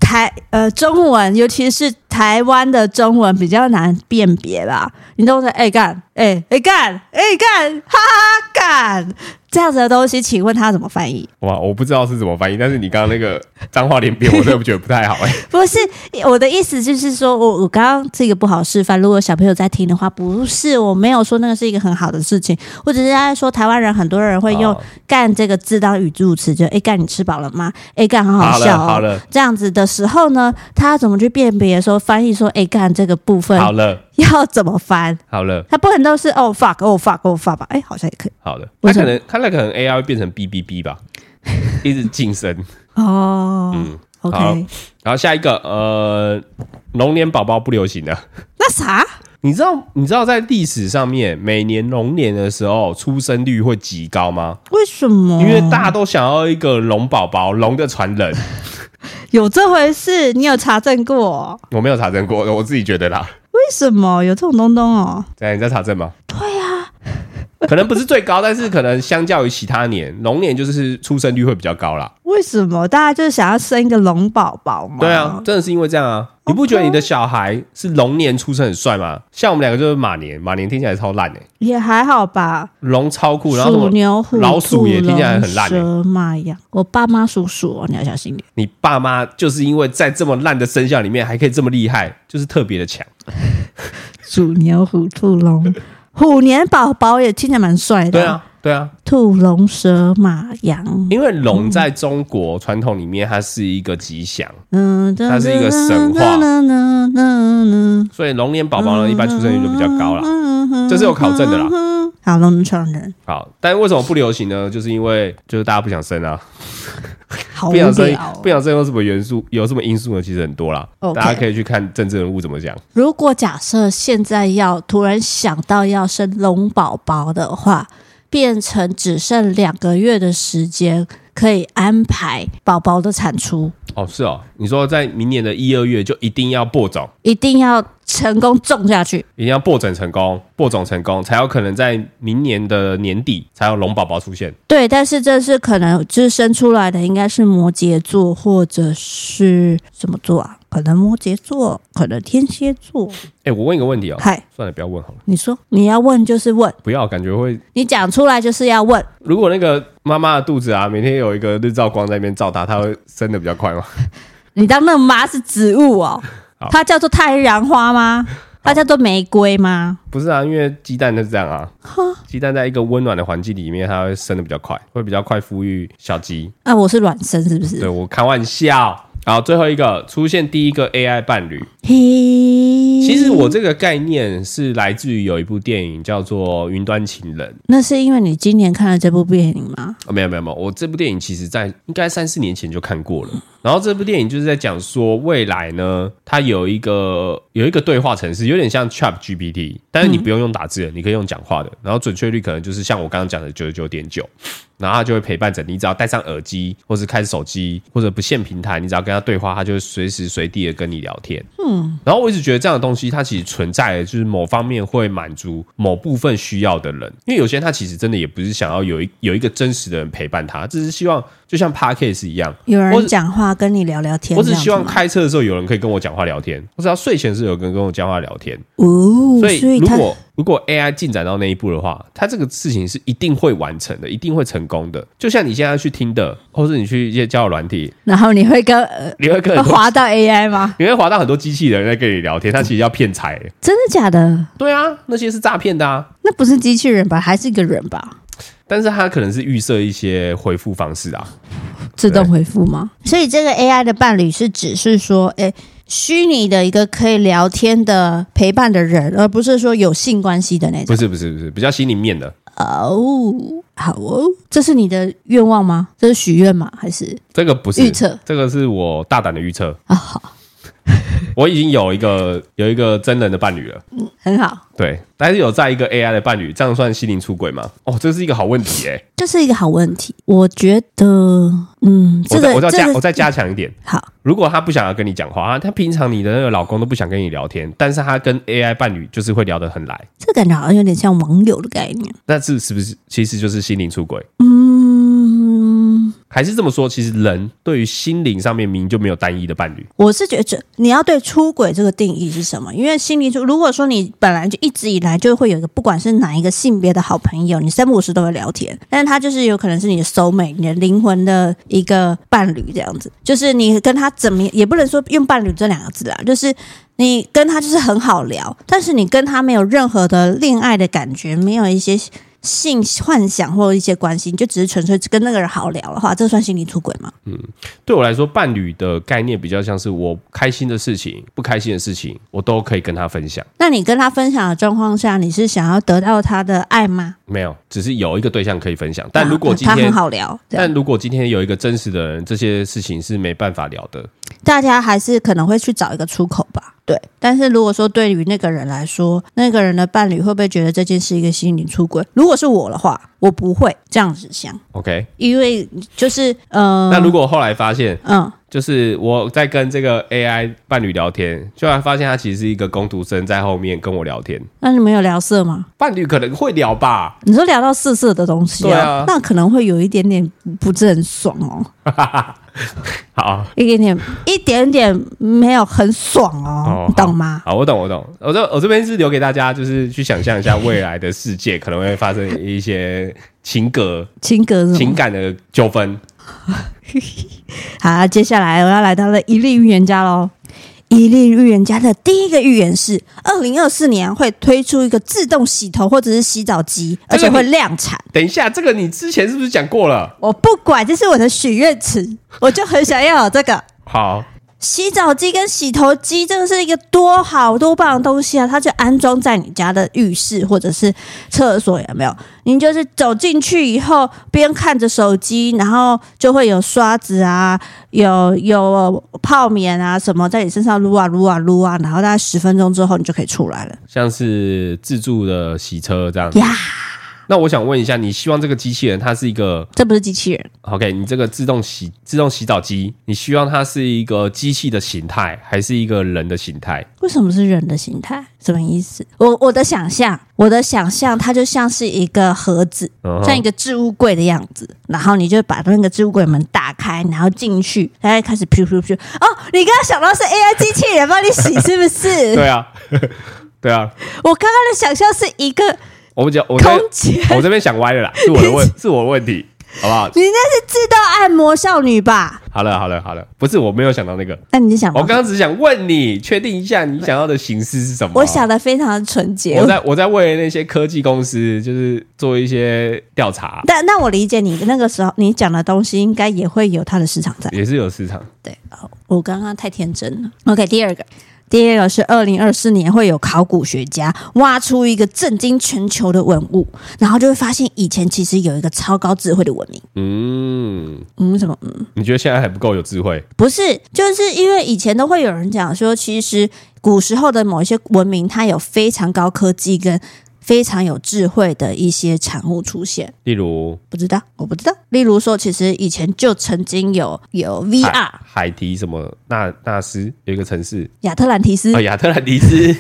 台呃中文，尤其是。台灣的中文比較難辨別啦，你都說哎幹哎哎幹哎幹哈哈幹，這樣子的東西，請問他怎麼翻譯？哇，我不知道是怎麼翻譯，但是你剛剛那個髒話連篇，我真的不覺得不太好哎、欸。 不是我的意思，就是說我我剛剛這個不好示範。如果小朋友在聽的話，不是我沒有說那個是一個很好的事情，我只是在說台灣人很多人會用“幹”這個字當語助詞，就哎幹、欸、你吃飽了嗎？哎、欸、幹很好笑、喔、好了，好了，這樣子的時候呢，他怎麼去辨別說？翻譯說：“哎、欸，幹這個部分好了，要怎麼翻？好了，他不可能都是哦 fuck，哦、oh, fuck，哦、oh, fuck 吧。哎、欸，好像也可以。好了，他可能看來可能 AI 會變成 bbb 吧， 一直晉升哦。嗯，好，OK。然後下一個，呃，龍年寶寶不流行了。那啥，你知道你知道在歷史上面，每年龍年的時候出生率會極高嗎？為什麼？因為大家都想要一個龍寶寶，龍的傳人。 ”有這回事？你有查證過？我沒有查證過，我自己覺得啦。為什麼有這種東東哦？對，你在查證嗎？對。可能不是最高，但是可能相較於其他年，龍年就是出生率會比較高啦。為什麼？大家就是想要生一個龍寶寶嘛。對啊，真的是因為這樣啊！Okay. 你不覺得你的小孩是龍年出生很帥嗎？像我們兩個就是馬年，馬年聽起來超爛哎、欸。也還好吧。龍超酷，然後鼠老鼠也聽起來很爛、欸。媽呀！我爸媽屬鼠，你要小心點。你爸媽就是因為在這麼爛的生肖裡面還可以這麼厲害，就是特別的強。鼠 牛虎兔龍。虎年寶寶也聽起來蠻帥的，對啊，對啊。兔龍蛇馬羊，因為龍在中國傳統裡面它是一個吉祥，它是一個神話，所以龍年寶寶呢一般出生率就比較高了，這是有考證的啦。好，龍的傳人。好，但為什麼不流行呢？就是因為就是大家不想生啊。 不想生，不想生有什麼元素，有什麼因素呢？其實很多啦，大家可以去看政治人物怎麼講。如果假設現在要突然想到要生龍寶寶的話，變成只剩兩個月的時間，可以安排寶寶的產出。嗯。哦，是哦，你說在明年的一二月就一定要播種，一定要成功種下去，一定要播種成功，播種成功才有可能在明年的年底才有龍寶寶出現。對，但是這是可能，就是生出來的應該是摩羯座或者是什麼座啊？可能摩羯座，可能天蠍座。哎、欸，我問一個問題哦、喔。嗨，算了，不要問好了。你說你要問就是問，不要感覺會你講出來就是要問。如果那個媽媽的肚子啊，每天有一個日照光在那邊照它，它會生的比較快嗎？ 你當那個媽是植物哦、喔？好，它叫做太陽花嗎？它叫做玫瑰嗎？不是啊，因為雞蛋就是這樣啊。雞、huh? 蛋在一個溫暖的環境裡面，它會生的比較快，會比較快孵育小雞。啊，我是卵生是不是？對我開玩笑。好，最後一個出現第一個 AI 伴侶。嘿，其實我這個概念是來自於有一部電影叫做《雲端情人》。那是因為你今年看了這部電影嗎？哦，沒有沒有沒有，我這部電影其實在應該三四年前就看過了。嗯然後這部電影就是在講說未來呢，它有一個有一個對話程式，有點像 Chat GPT，但是你不用用打字的，你可以用講話的。嗯、然後準確率可能就是像我剛剛講的九十九點九，然後它就會陪伴着你，你只要戴上耳機或者開手機或者不限平台，你只要跟他對話，它就會隨時隨地的跟你聊天。嗯，然後我一直覺得這樣的東西它其實存在的就是某方面會滿足某部分需要的人，因為有些人他其實真的也不是想要有一有一個真實的人陪伴他，只是希望就像 Podcast 一樣，有人講話。跟你聊聊天，我只希望開車的時候有人可以跟我講話聊天。我只要睡前是有人跟我講話聊天。哦，所以如果如果 AI 進展到那一步的話，它這個事情是一定會完成的，一定會成功的。就像你現在去聽的，或是你去一些交友軟體，然後你會跟你會跟、呃、會滑到 AI 嗎？你會滑到很多機器人在跟你聊天，他其實要騙財。真的假的？對啊，那些是詐騙的啊。那不是機器人吧？還是一個人吧？但是它可能是預設一些回復方式啊，自動回復嗎？所以這個 AI 的伴侶是只是說，哎、欸，虛擬的一個可以聊天的陪伴的人，而不是說有性關係的那種。不是不是不是，比較心裡面的。哦，好哦，這是你的願望嗎？這是許願嗎？還是這個不是預測？這個是我大膽的預測啊。Oh, 好。我已經有一個有一個真人的伴侶了，嗯，很好，對，但是有在一個 AI 的伴侶，這樣算心靈出軌嗎？哦，這是一個好問題、欸，耶。這是一個好問題，我覺得，嗯，我再加我再加強一點、嗯，好，如果他不想要跟你講話，他平常你的那個老公都不想跟你聊天，但是他跟 AI 伴侶就是會聊得很來，這個感覺好像有點像網友的概念，那這是不是其實就是心靈出軌？嗯。還是這麼說，其實人對於心靈上面，明就沒有單一的伴侶。我是覺得，你要對出軌這個定義是什麼？因為心靈出，如果說你本來就一直以來就會有一個，不管是哪一個性別的好朋友，你三不五時都會聊天，但是他就是有可能是你的 soulmate，你的靈魂的一個伴侶這樣子。就是你跟他怎麼也不能說用伴侶這兩個字啦，就是你跟他就是很好聊，但是你跟他沒有任何的戀愛的感覺，沒有一些。性幻想、或者一些關係，你就只是純粹跟那個人好聊的話，這算心理出軌嗎？嗯，對我來說，伴侶的概念比較像是我開心的事情、不開心的事情，我都可以跟他分享。那你跟他分享的狀況下，你是想要得到他的愛嗎？沒有，只是有一個對象可以分享。但如果今天、啊、他很好聊，但如果今天有一個真實的人，這些事情是沒辦法聊的，大家還是可能會去找一個出口吧。對，但是如果說對於那個人來說，那個人的伴侶會不會覺得這件事是一個心靈出軌？如果是我的話，我不會這樣子想。OK，因為就是嗯、呃……那如果後來發現，嗯。就是我在跟這個 AI 伴侶聊天，突然發現他其實是一個工讀生在後面跟我聊天。那你們有聊色嗎？伴侶可能會聊吧。你說聊到色色的東西啊，對啊，那可能會有一點點不,不是很爽哦。 好，一點點，一點點沒有很爽哦，哦你懂嗎？好，好我,懂我懂，我懂。我這我這邊是留給大家，就是去想象一下未來的世界 可能會發生一些情格、情格、情感的糾紛。 好，接下來我要來到了伊利預言家嘍。伊利預言家的第一個預言是，二零二四年會推出一個自動洗頭或者是洗澡機、這個，而且會量產。等一下，這個你之前是不是講過了？我不管，這是我的許願池，我就很想要這個。 好。洗澡機跟洗頭機真的是一個多好多棒的東西啊！它就安裝在你家的浴室或者是廁所，有沒有？你就是走進去以後，邊看着手機，然後就會有刷子啊，有有泡棉啊什麼，在你身上擼啊擼啊擼啊，擼啊，然後大概十分鐘之後，你就可以出來了。像是自助的洗車這樣子。Yeah! 那我想問一下，你希望這個機器人它是一個？這不是機器人。OK，你這個自動洗自動洗澡機，你希望它是一個機器的形態，還是一個人的形態？為什麼是人的形態？什麼意思？我我的想象，我的想象，它就像是一個盒子，嗯，像一個置物櫃的樣子。然後你就把那個置物櫃門打開，然後進去，它開始噗噗噗。哦，你剛剛想到是 AI 機器人幫你洗，是不是？ 對啊， 對啊。我剛剛的想象是一個。我們講，我我這邊想歪了啦，是我的問，是我的問題，好不好？你那是自動按摩少女吧？好了，好了，好了，不是我沒有想到那個。那你想？我剛剛只是想問你，確定一下你想要的形式是什麼？我想的非常純潔。我在我在為那些科技公司就是做一些調查。但那我理解你那個時候你講的東西，應該也會有它的市場在，也是有市場。對，我剛剛太天真了。OK，第二個。第二個是二零二四年會有考古學家挖出一個震驚全球的文物，然後就會發現以前其實有一個超高智慧的文明。嗯嗯，什麼？嗯，你覺得現在還不夠有智慧？不是，就是因為以前都會有人講說，其實古時候的某一些文明，它有非常高科技跟非常有智慧的一些產物出現。例如，不知道，我不知道。例如說，其實以前就曾經有有 VR 海，海提什麼納納斯有一個城市亞特蘭提斯啊，亞特蘭提斯，哦、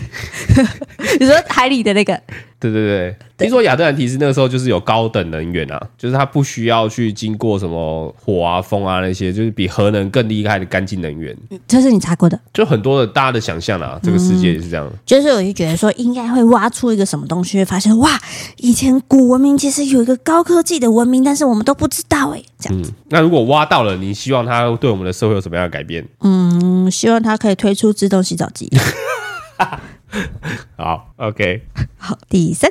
提斯 你說海裡的那個，對對對，聽說亞特蘭提斯那個時候就是有高等能源啊，就是它不需要去經過什麼火啊風啊那些，就是比核能更厲害的乾淨能源。這是你查過的，就很多的大家的想象啊，這個世界也是這樣。嗯、就是我就覺得說，應該會挖出一個什麼東西，會發現哇，以前古文明其實有一個高科技的文明，但是我們都不知道。大偉、欸、這樣子、嗯，那如果挖到了，你希望他對我們的社會有什麼樣的改變？嗯，希望他可以推出自動洗澡機。 好，OK，好，第三。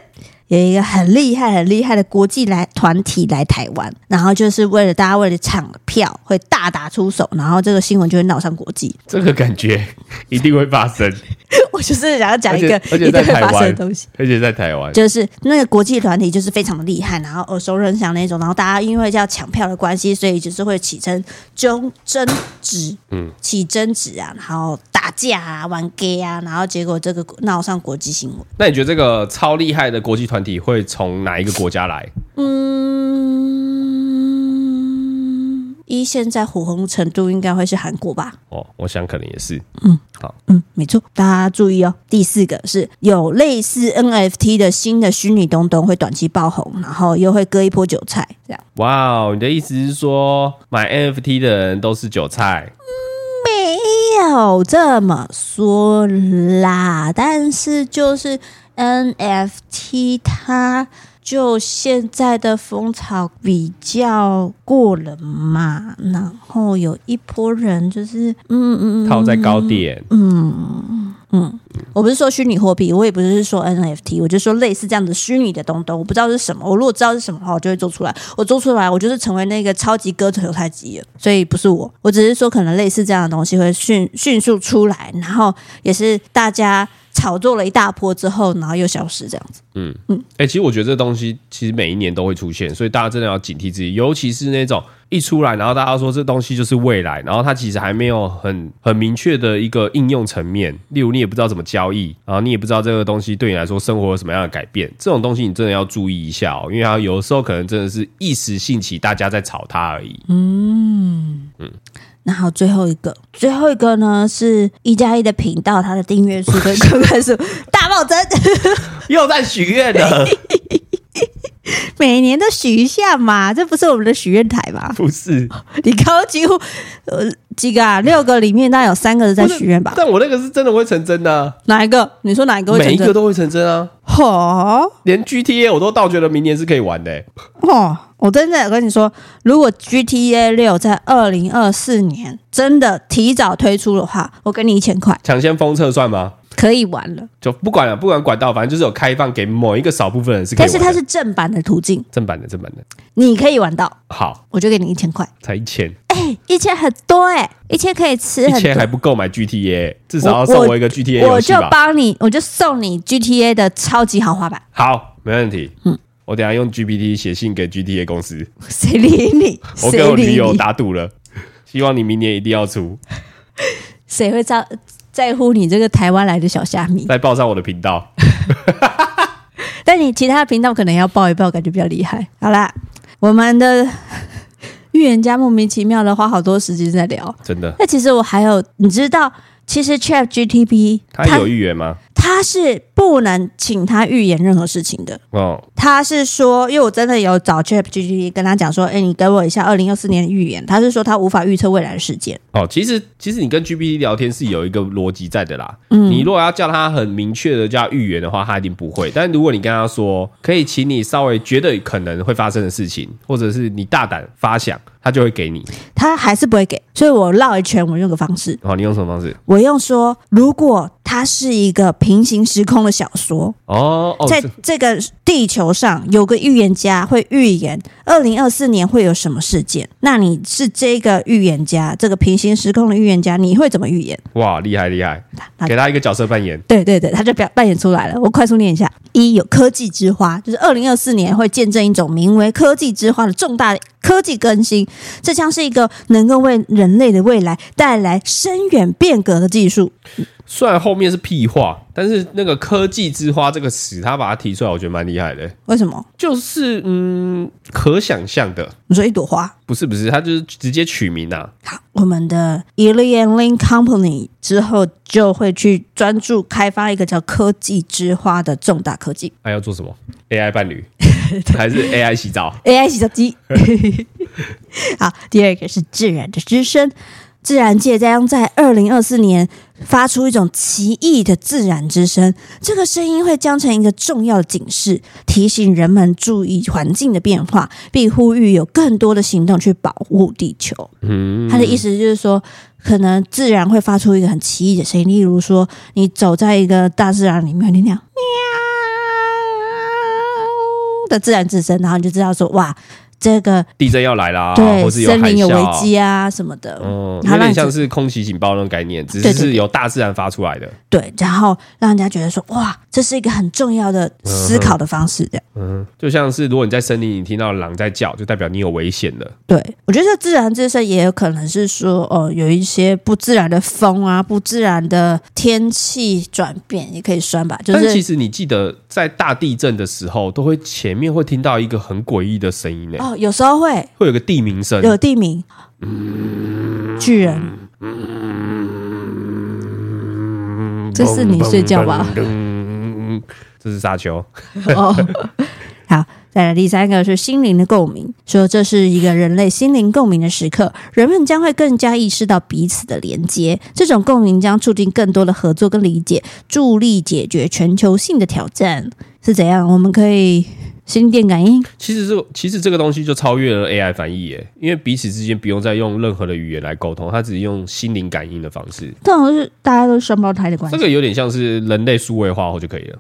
有一個很厲害、很厲害的國際來團體來台灣，然後就是為了大家為了搶票會大打出手，然後這個新聞就會鬧上國際。這個感覺一定會發生。 我就是想要講一個，而且，而且在台灣的東西，而且在台灣，就是那個國際團體就是非常的厲害，然後耳熟能詳那種，然後大家因為叫搶票的關係，所以就是會起爭爭執，嗯，起爭執啊，然後打架啊，玩 gay 啊，然後結果這個鬧上國際新聞。那你覺得這個超厲害的國際團體？你會從哪一個國家來？嗯，依現在火紅的程度應該會是韓國吧？哦，我想可能也是。嗯，好，嗯，沒錯，大家注意哦。第四個是有類似 NFT 的新的虛擬東東會短期爆紅，然後又會割一波韭菜。這樣，哇哦！你的意思是說買 NFT 的人都是韭菜？嗯，沒有這麼說啦，但是就是。NFT 它，就現在的風潮比較過了嘛，然後有一波人就是嗯嗯嗯套在高點。嗯嗯，我不是說虛擬貨幣，我也不是說 NFT，我就說類似這樣的虛擬的東東，我不知道是什麼。我如果知道是什麼的話，我就會做出來。我做出來，我就是成為那個超級割頭太雞了。所以不是我，我只是說可能類似這樣的東西會迅迅速出來，然後也是大家炒作了一大波之後，然後又消失，這樣子。嗯嗯，哎、欸，其實我覺得這東西其實每一年都會出現，所以大家真的要警惕自己，尤其是那種一出來，然後大家說這東西就是未來，然後它其實還沒有很很明確的一個應用層面。例如，你也不知道怎麼交易，然後你也不知道這個東西對你來說生活有什麼樣的改變，這種東西你真的要注意一下哦、喔，因為它有的時候可能真的是一時興起，大家在炒它而已。嗯嗯。然後最後一個，最後一個呢是一加一的頻道，它的訂閱數跟快快數 大爆增，又在許願了 每年都許一下嘛，這不是我們的許願台嗎？不是，你剛，剛幾乎呃幾個、啊、六個裡面，大概有三個是在許願吧？但我那個是真的會成真的、啊，哪一個？你說哪一個會成真？每一個都會成真啊！哦，連 G T A 我都倒覺得明年是可以玩的、欸、哦。我真的，我跟你說，如果 GTA 六在二零二四年真的提早推出的話，我給你一千塊，搶先封測算嗎？可以玩了，就不管了，不管管道，反正就是有開放給某一個少部分人是可以的。但是它是正版的途徑，正版的，正版的，你可以玩到。好，我就給你一千塊，才一千，欸，一千很多欸，一千可以吃，一千還不夠買 GTA 欸，至少要送我一個 GTA，我，我就幫你，我就送你 GTA 的超級豪華版。好，沒問題，嗯。我等下用 GPT 寫信給 GTA 公司，誰理你？我跟我女友打賭了，希望你明年一定要出。誰會在在乎你這個台灣來的小蝦米？再報上我的頻道 。 但你其他頻道可能要報一報，感覺比較厲害。好啦，我們的預言家莫名其妙的花好多時間在聊，真的。那其實我還有，你知道，其實 ChatGPT 他有預言嗎？他是不能請他預言任何事情的。哦，他是說，因為我真的有找 ChatGPT 跟他講說，哎，你給我一下二零二四年的預言。他是說他無法預測未來的事件。哦，其實其實你跟 GPT 聊天是有一個邏輯在的啦。嗯，你如果要叫他很明確的叫預言的話，他一定不會。但如果你跟他說，可以，請你稍微覺得可能會發生的事情，或者是你大膽發想，他就會給你。他還是不會給，所以我繞一圈，我用個方式。好，你用什麼方式？我用說如果。它是一個平行時空的小說哦，在這個地球上有個預言家會預言二零二四年會有什麼事件。那你是這個預言家，這個平行時空的預言家，你會怎麼預言？哇，厲害厲害！給他一個角色扮演。對對對，他就表扮演出來了。我快速念一下：一，有科技之花，就是二零二四年會見證一種名為科技之花的重大的科技更新，這將是一個能夠為人類的未來帶來深遠變革的技術。雖然後面是屁話，但是那個“科技之花”這個詞，他把它提出來，我覺得蠻厲害的。為什麼？就是嗯，可想象的。你說一朵花？不是，不是，他就是直接取名啊。好，我們的 e l i e n Link Company 之後就會去專注開發一個叫“科技之花”的重大科技。還、啊、要做什麼？AI 伴侶？還是 AI 洗澡 ？AI 洗澡機。 好，第二個是自然的支聲。自然界將在二零二四年發出一種奇異的自然之聲，這個聲音會將成一個重要的警示，提醒人們注意環境的變化，並呼籲有更多的行動去保護地球。嗯，他的意思就是說，可能自然會發出一個很奇異的聲音，例如說，你走在一個大自然裡面，你那樣喵的自然之聲，然後你就知道說，哇。這個地震要來啦，或是有海嘯，森林有危機啊什麼的，嗯，它有點像是空襲警報那種概念，嗯、只是由大自然發出來的對對對對。對，然後讓人家覺得說，哇，這是一個很重要的思考的方式，這樣嗯。嗯，就像是如果你在森林，你聽到狼在叫，就代表你有危險了。對，我覺得這自然之聲也有可能是說，哦、呃，有一些不自然的風啊，不自然的天氣轉變，也可以算吧、就是。但其實你記得，在大地震的時候，都會前面會聽到一個很詭異的聲音呢、欸。哦、有時候會會有個地名聲，有地名。嗯、巨人、嗯嗯，這是你睡覺吧？嗯嗯嗯、這是沙球哦 好，再來第三個是心靈的共鳴，說這是一個人類心靈共鳴的時刻，人們將會更加意識到彼此的連接，這種共鳴將促進更多的合作跟理解，助力解決全球性的挑戰，是怎樣？我們可以。心電感應，其實這個其實這個東西就超越了 AI 翻譯，耶，因為彼此之間不用再用任何的語言來溝通，它只是用心靈感應的方式。這好像是大家都雙胞胎的關係。這個有點像是人類數位化後就可以了。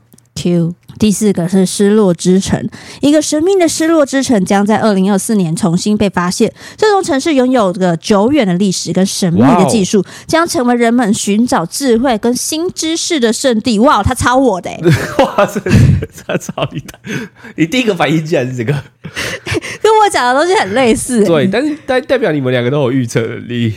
第四個是失落之城，一個神秘的失落之城將在二零二四年重新被發現。這座城市擁有個久遠的歷史跟神秘的技術、wow，將成為人們尋找智慧跟新知識的聖地。哇、wow，他抄我的、欸！哇，他抄你的！你第一個反應竟然是這個， 跟我講的東西很類似。對，但是代代表你們兩個都有預測力。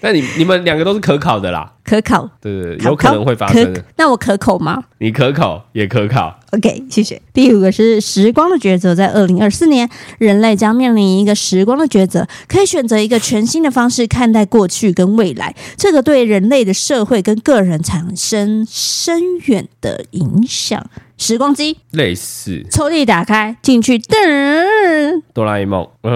那 你你們兩個都是可考的啦，可考，對對，對，有可能會發生。那我可考嗎？你可考，也可考。OK，謝謝。第五個是時光的抉擇，在二零二四年，人類將面臨一個時光的抉擇，可以選擇一個全新的方式看待過去跟未來，這個對人類的社會跟個人產生深遠的影響。時光機類似，抽屜打開，進去噔。哆啦 A 夢，嗯、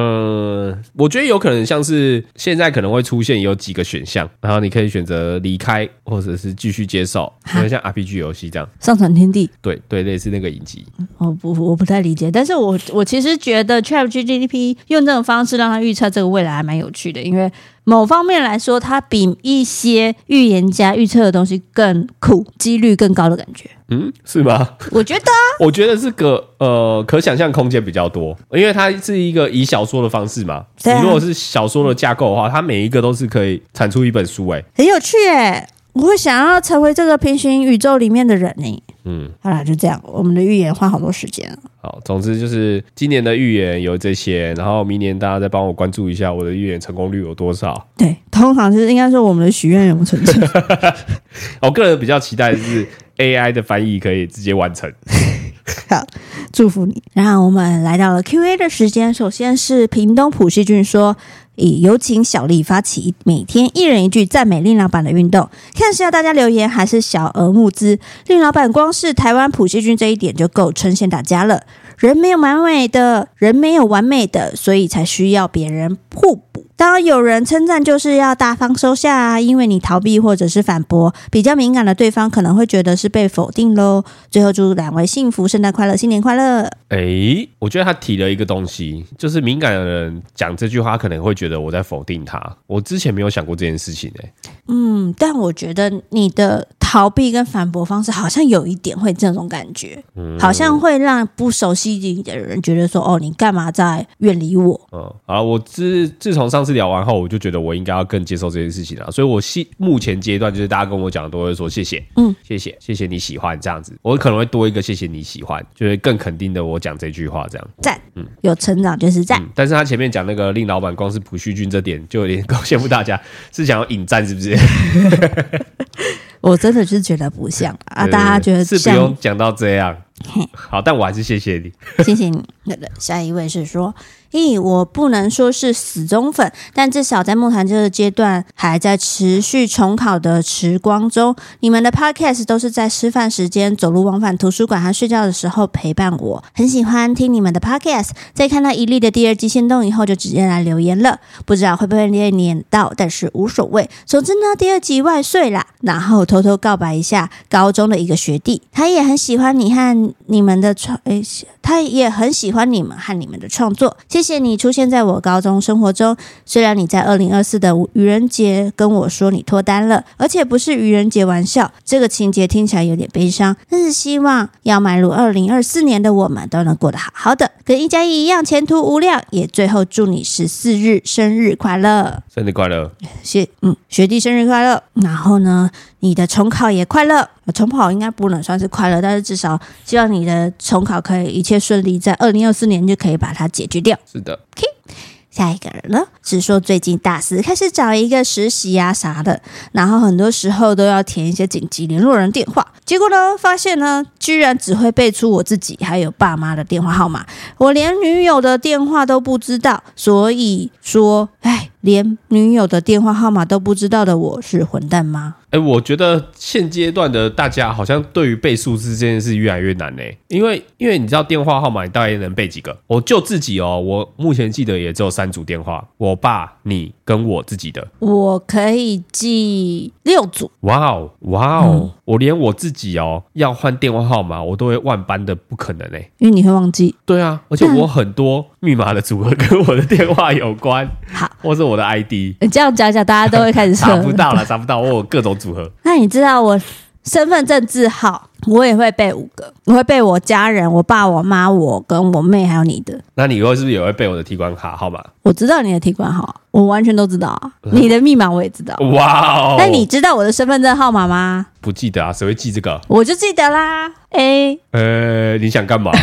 呃、我覺得有可能像是現在可能會出現有幾個選項，然後你可以選擇離開或者是繼續接受，有點像 RPG 遊戲這樣。上傳天地，對對，類似那個影集。我不我不太理解，但是我我其實覺得 ChatGPT 用這種方式讓他預測這個未來還蠻有趣的，因為。某方面來說，它比一些預言家預測的東西更酷，幾率更高的感覺。嗯，是嗎？我覺得， 我覺得這個呃，可想象空間比較多，因為它是一個以小說的方式嘛。你、啊、如果是小說的架構的話，它每一個都是可以產出一本書哎、欸，很有趣哎、欸，我會想要成為這個平行宇宙裡面的人呢、欸。嗯，好啦，就這樣。我們的預言花好多時間。好，總之就是今年的預言有這些，然後明年大家再幫我關注一下我的預言成功率有多少。對，通常就是應該說我們的許願永不成真。 我個人比較期待的是 AI 的翻譯可以直接完成。 好，祝福你。然後我們來到了 QA 的時間，首先是屏東普西俊說。以有請小麗發起每天一人一句讚美令老板的運動，看是要大家留言還是小額募資？令老板光是台灣普希金這一點就夠稱羨大家了。人沒有完美的，人沒有完美的，所以才需要別人互補。當然有人稱讚，就是要大方收下啊，因為你逃避或者是反駁，比較敏感的對方可能會覺得是被否定嘍。最後祝兩位幸福，聖誕快樂，新年快樂。誒、欸，我覺得他提了一個東西，就是敏感的人講這句話，可能會覺得我在否定他。我之前沒有想過這件事情、欸，誒。嗯，但我覺得你的，逃避跟反駁方式好像有一點會這種感覺，嗯、好像會讓不熟悉你的人覺得說：“哦，你幹嘛在遠離我？”嗯，好，我自自從上次聊完後，我就覺得我應該要更接受這件事情了，所以我現目前階段就是大家跟我講的都會說謝謝，嗯，謝謝，謝謝你喜歡這樣子，我可能會多一個謝謝你喜歡，就是更肯定的我講這句話這樣讚，嗯，有成長就是讚、嗯嗯。但是他前面講那個令老闆光是朴敘俊這點就有點夠羨慕大家， 是想要引戰是不是？ 我真的就是覺得不像，對對對啊，大家覺得像，是不用講到這樣。 好，但我還是謝謝你， 謝謝你。那個下一位是說，咦，我不能說是死忠粉，但至少在木壇這個階段還在持續重考的時光中，你們的 podcast 都是在吃飯時間、走路往返圖書館和睡覺的時候陪伴我，很喜歡聽你們的 podcast。在看到伊利的第二季心動以後，就直接來留言了，不知道會不會被念到，但是無所謂，總之呢，第二季萬歲啦！然後偷偷告白一下高中的一個學弟，他也很喜歡你和。你們的創，欸，他也很喜歡你們和你們的創作。謝謝你出現在我高中生活中，雖然你在二零二四的愚人節跟我說你脫單了，而且不是愚人節玩笑，這個情節聽起來有點悲傷。但是希望要邁入二零二四年的我們都能過得好好的，跟一加一一樣前途無量。也最後祝你十四日生日快樂，生日快樂，學嗯學弟生日快樂。然後呢，你的重考也快樂，重考應該不能算是快樂，但是至少希望你的重考可以一切順利，在二零二四年就可以把它解決掉。是的，OK，下一個人呢，是說最近大四開始找一個實習啊啥的，然後很多時候都要填一些緊急聯絡人電話，結果呢發現呢，居然只會背出我自己還有爸媽的電話號碼，我連女友的電話都不知道，所以說，哎。連女友的電話號碼都不知道的我是混蛋嗎？誒、欸、我覺得現階段的大家好像對於背數字這件事越來越難誒、欸、因為因為你知道電話號碼，你大概能背幾個？我就自己哦、喔，我目前記得也只有三組電話，我爸、你跟我自己的。我可以記六組。哇哦哇哦！我連我自己哦、喔，要換電話號碼，我都會萬般的不可能誒，因為你會忘記。對啊，而且我很多、嗯。密碼的組合跟我的電話有關，好，或是我的 ID。你這樣講講，大家都會開始說。查 不到了，查不到，我有各種組合。 那你知道我身份證字號？我也會背五個，我會背我家人，我爸、我媽、我跟我妹，還有你的。那你以後是不是也會背我的提款卡號碼？我知道你的提款號，我完全都知道，你的密碼我也知道。哇 哦、wow。那你知道我的身份證號碼嗎？不記得啊，誰會記這個？我就記得啦。A、欸。呃、欸，你想幹嘛？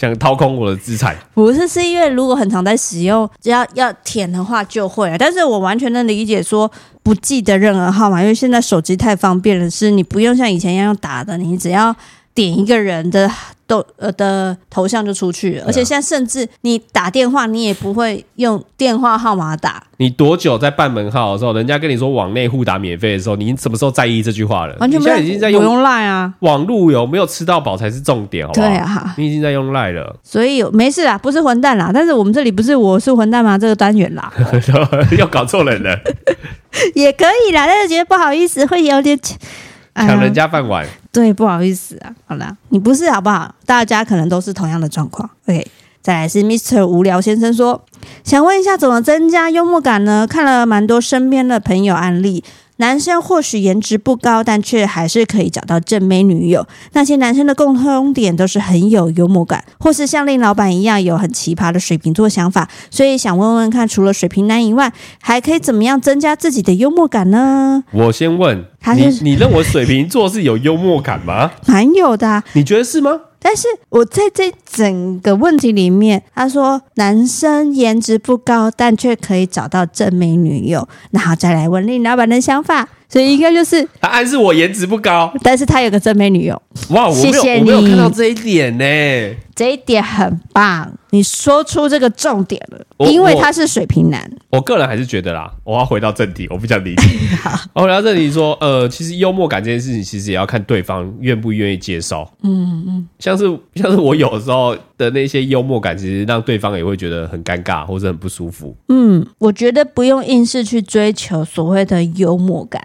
想掏空我的資產，不是，是因為如果很常在使用，只要要舔的話就會。但是我完全能理解說不記得任何號碼，因為現在手機太方便了，是你不用像以前一樣用打的，你只要。點一個人的都呃的頭像就出去了。對啊，而且現在甚至你打電話，你也不會用電話號碼打。你多久在辦門號的時候，人家跟你說網內互打免費的時候，你什麼時候在意這句話了？完全沒有，你現在已經在用賴啊，網路有沒有吃到飽才是重點，好不好？對啊，你已經在用賴了，所以有沒事啊，不是混蛋啦。但是我們這裡不是我是混蛋嗎？這個單元啦， 又搞錯人了， 也可以啦，但是覺得不好意思，會有點搶人家飯碗。對，不好意思啊，好了，你不是好不好？大家可能都是同樣的狀況。OK，再來是 Mr. 無聊先生說，想問一下怎麼增加幽默感呢？看了蠻多身邊的朋友案例。男生或許顏值不高，但卻還是可以找到正妹女友。那些男生的共通點都是很有幽默感，或是像令老闆一樣有很奇葩的水瓶座想法。所以想問問看，除了水瓶男以外，還可以怎麼樣增加自己的幽默感呢？我先問，你你認為水瓶座是有幽默感嗎？蠻 有的啊，你覺得是嗎？但是我在這整個問題裡面，他說男生顏值不高，但卻可以找到正美女友，然後再來問令老板的想法。所以應該就是答案是我顏值不高，但是他有個正妹女友。哇，我沒有，謝謝你，我沒有看到這一點呢。欸，這一點很棒，你說出這個重點了，因為他是水瓶男我。我個人還是覺得啦，我要回到正題，我不想理你。我回到正題說，呃，其實幽默感這件事情，其實也要看對方願不願意接受。嗯嗯，像是像是我有時候的那些幽默感，其實讓對方也會覺得很尷尬或者很不舒服。嗯，我覺得不用硬是去追求所謂的幽默感。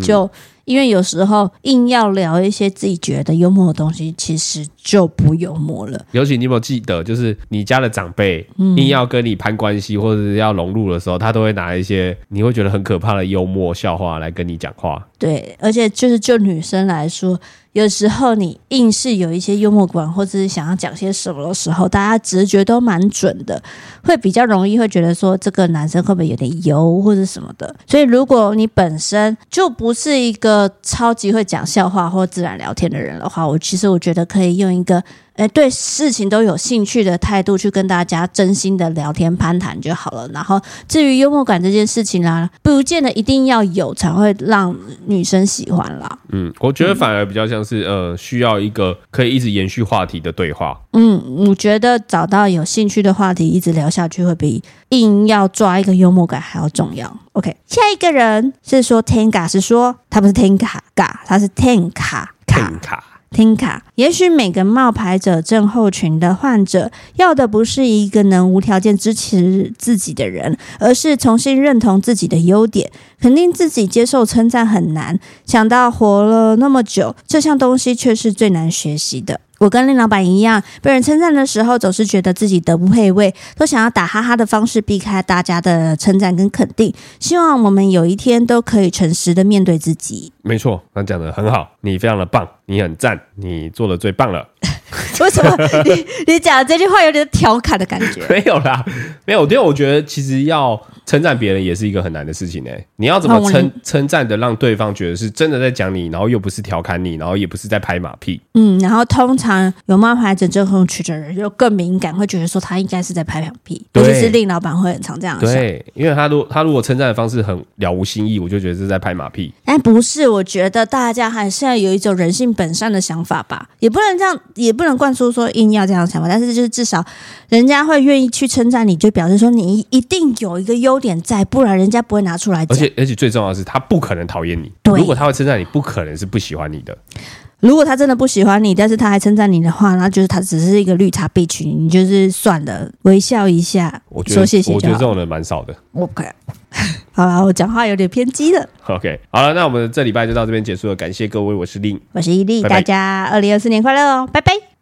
就因為有時候硬要聊一些自己覺得幽默的東西，其實就不幽默了。尤其你有沒有記得，就是你家的長輩硬要跟你攀關係或者是要融入的時候，他都會拿一些你會覺得很可怕的幽默笑話來跟你講話。對，而且就是就女生來說，有時候你硬是有一些幽默感，或者是想要講些什麼的時候，大家直覺都蠻準的，會比較容易會覺得說這個男生會不會有點油或者什麼的。所以如果你本身就不是一個超級會講笑話或自然聊天的人的話，我其實我覺得可以用一個。對事情都有興趣的態度，去跟大家真心的聊天攀談就好了。然後至於幽默感這件事情啦、啊，不見得一定要有才會讓女生喜歡啦。嗯，我覺得反而比較像是呃，需要一個可以一直延續話題的對話。嗯，我覺得找到有興趣的話題一直聊下去，會比硬要抓一個幽默感還要重要。OK，下一個人是說天卡是說他不是天卡卡他是天卡卡。聽卡，也許每個冒牌者症候群的患者要的不是一個能無條件支持自己的人，而是重新認同自己的優點。肯定自己、接受稱讚很難，想到活了那麼久，這項東西卻是最難學習的。我跟令老闆一樣，被人稱讚的時候，總是覺得自己德不配位，都想要打哈哈的方式避開大家的稱讚跟肯定。希望我們有一天都可以誠實的面對自己。沒錯，他講的很好，你非常的棒，你很讚，你做的最棒了。 為什麼你你講的這句話有點調侃的感覺？ 沒有啦，沒有，因為我覺得其實要稱讚別人也是一個很難的事情誒、欸。你要怎麼稱稱讚的讓對方覺得是真的在講你，然後又不是調侃你，然後也不是在拍馬屁。嗯，然後通常有冒牌子這很有趣的人就更敏感，會覺得說他應該是在拍馬屁，尤其是令老板會很常這樣想。對，因為他如果他如果稱讚的方式很了無新意，我就覺得是在拍馬屁。但不是，我覺得大家還是要有一種人性本善的想法吧，也不能這樣也。不能灌輸說硬要這樣的想法，但是就是至少人家會願意去稱讚你，就表示說你一定有一個優點在，不然人家不會拿出來。而且而且最重要的是，他不可能討厭你。對，如果他會稱讚你，不可能是不喜歡你的。如果他真的不喜歡你，但是他還稱讚你的話，那就是他只是一個綠茶 B 群，你就是算了，微笑一下，我覺得。說謝謝，我覺得這種人蠻少的。o、okay， 好了，我講話有點偏激了。OK，好了，那我們這禮拜就到這邊結束了，感謝各位，我是令，我是伊利，大家二零二四年快樂哦，拜拜。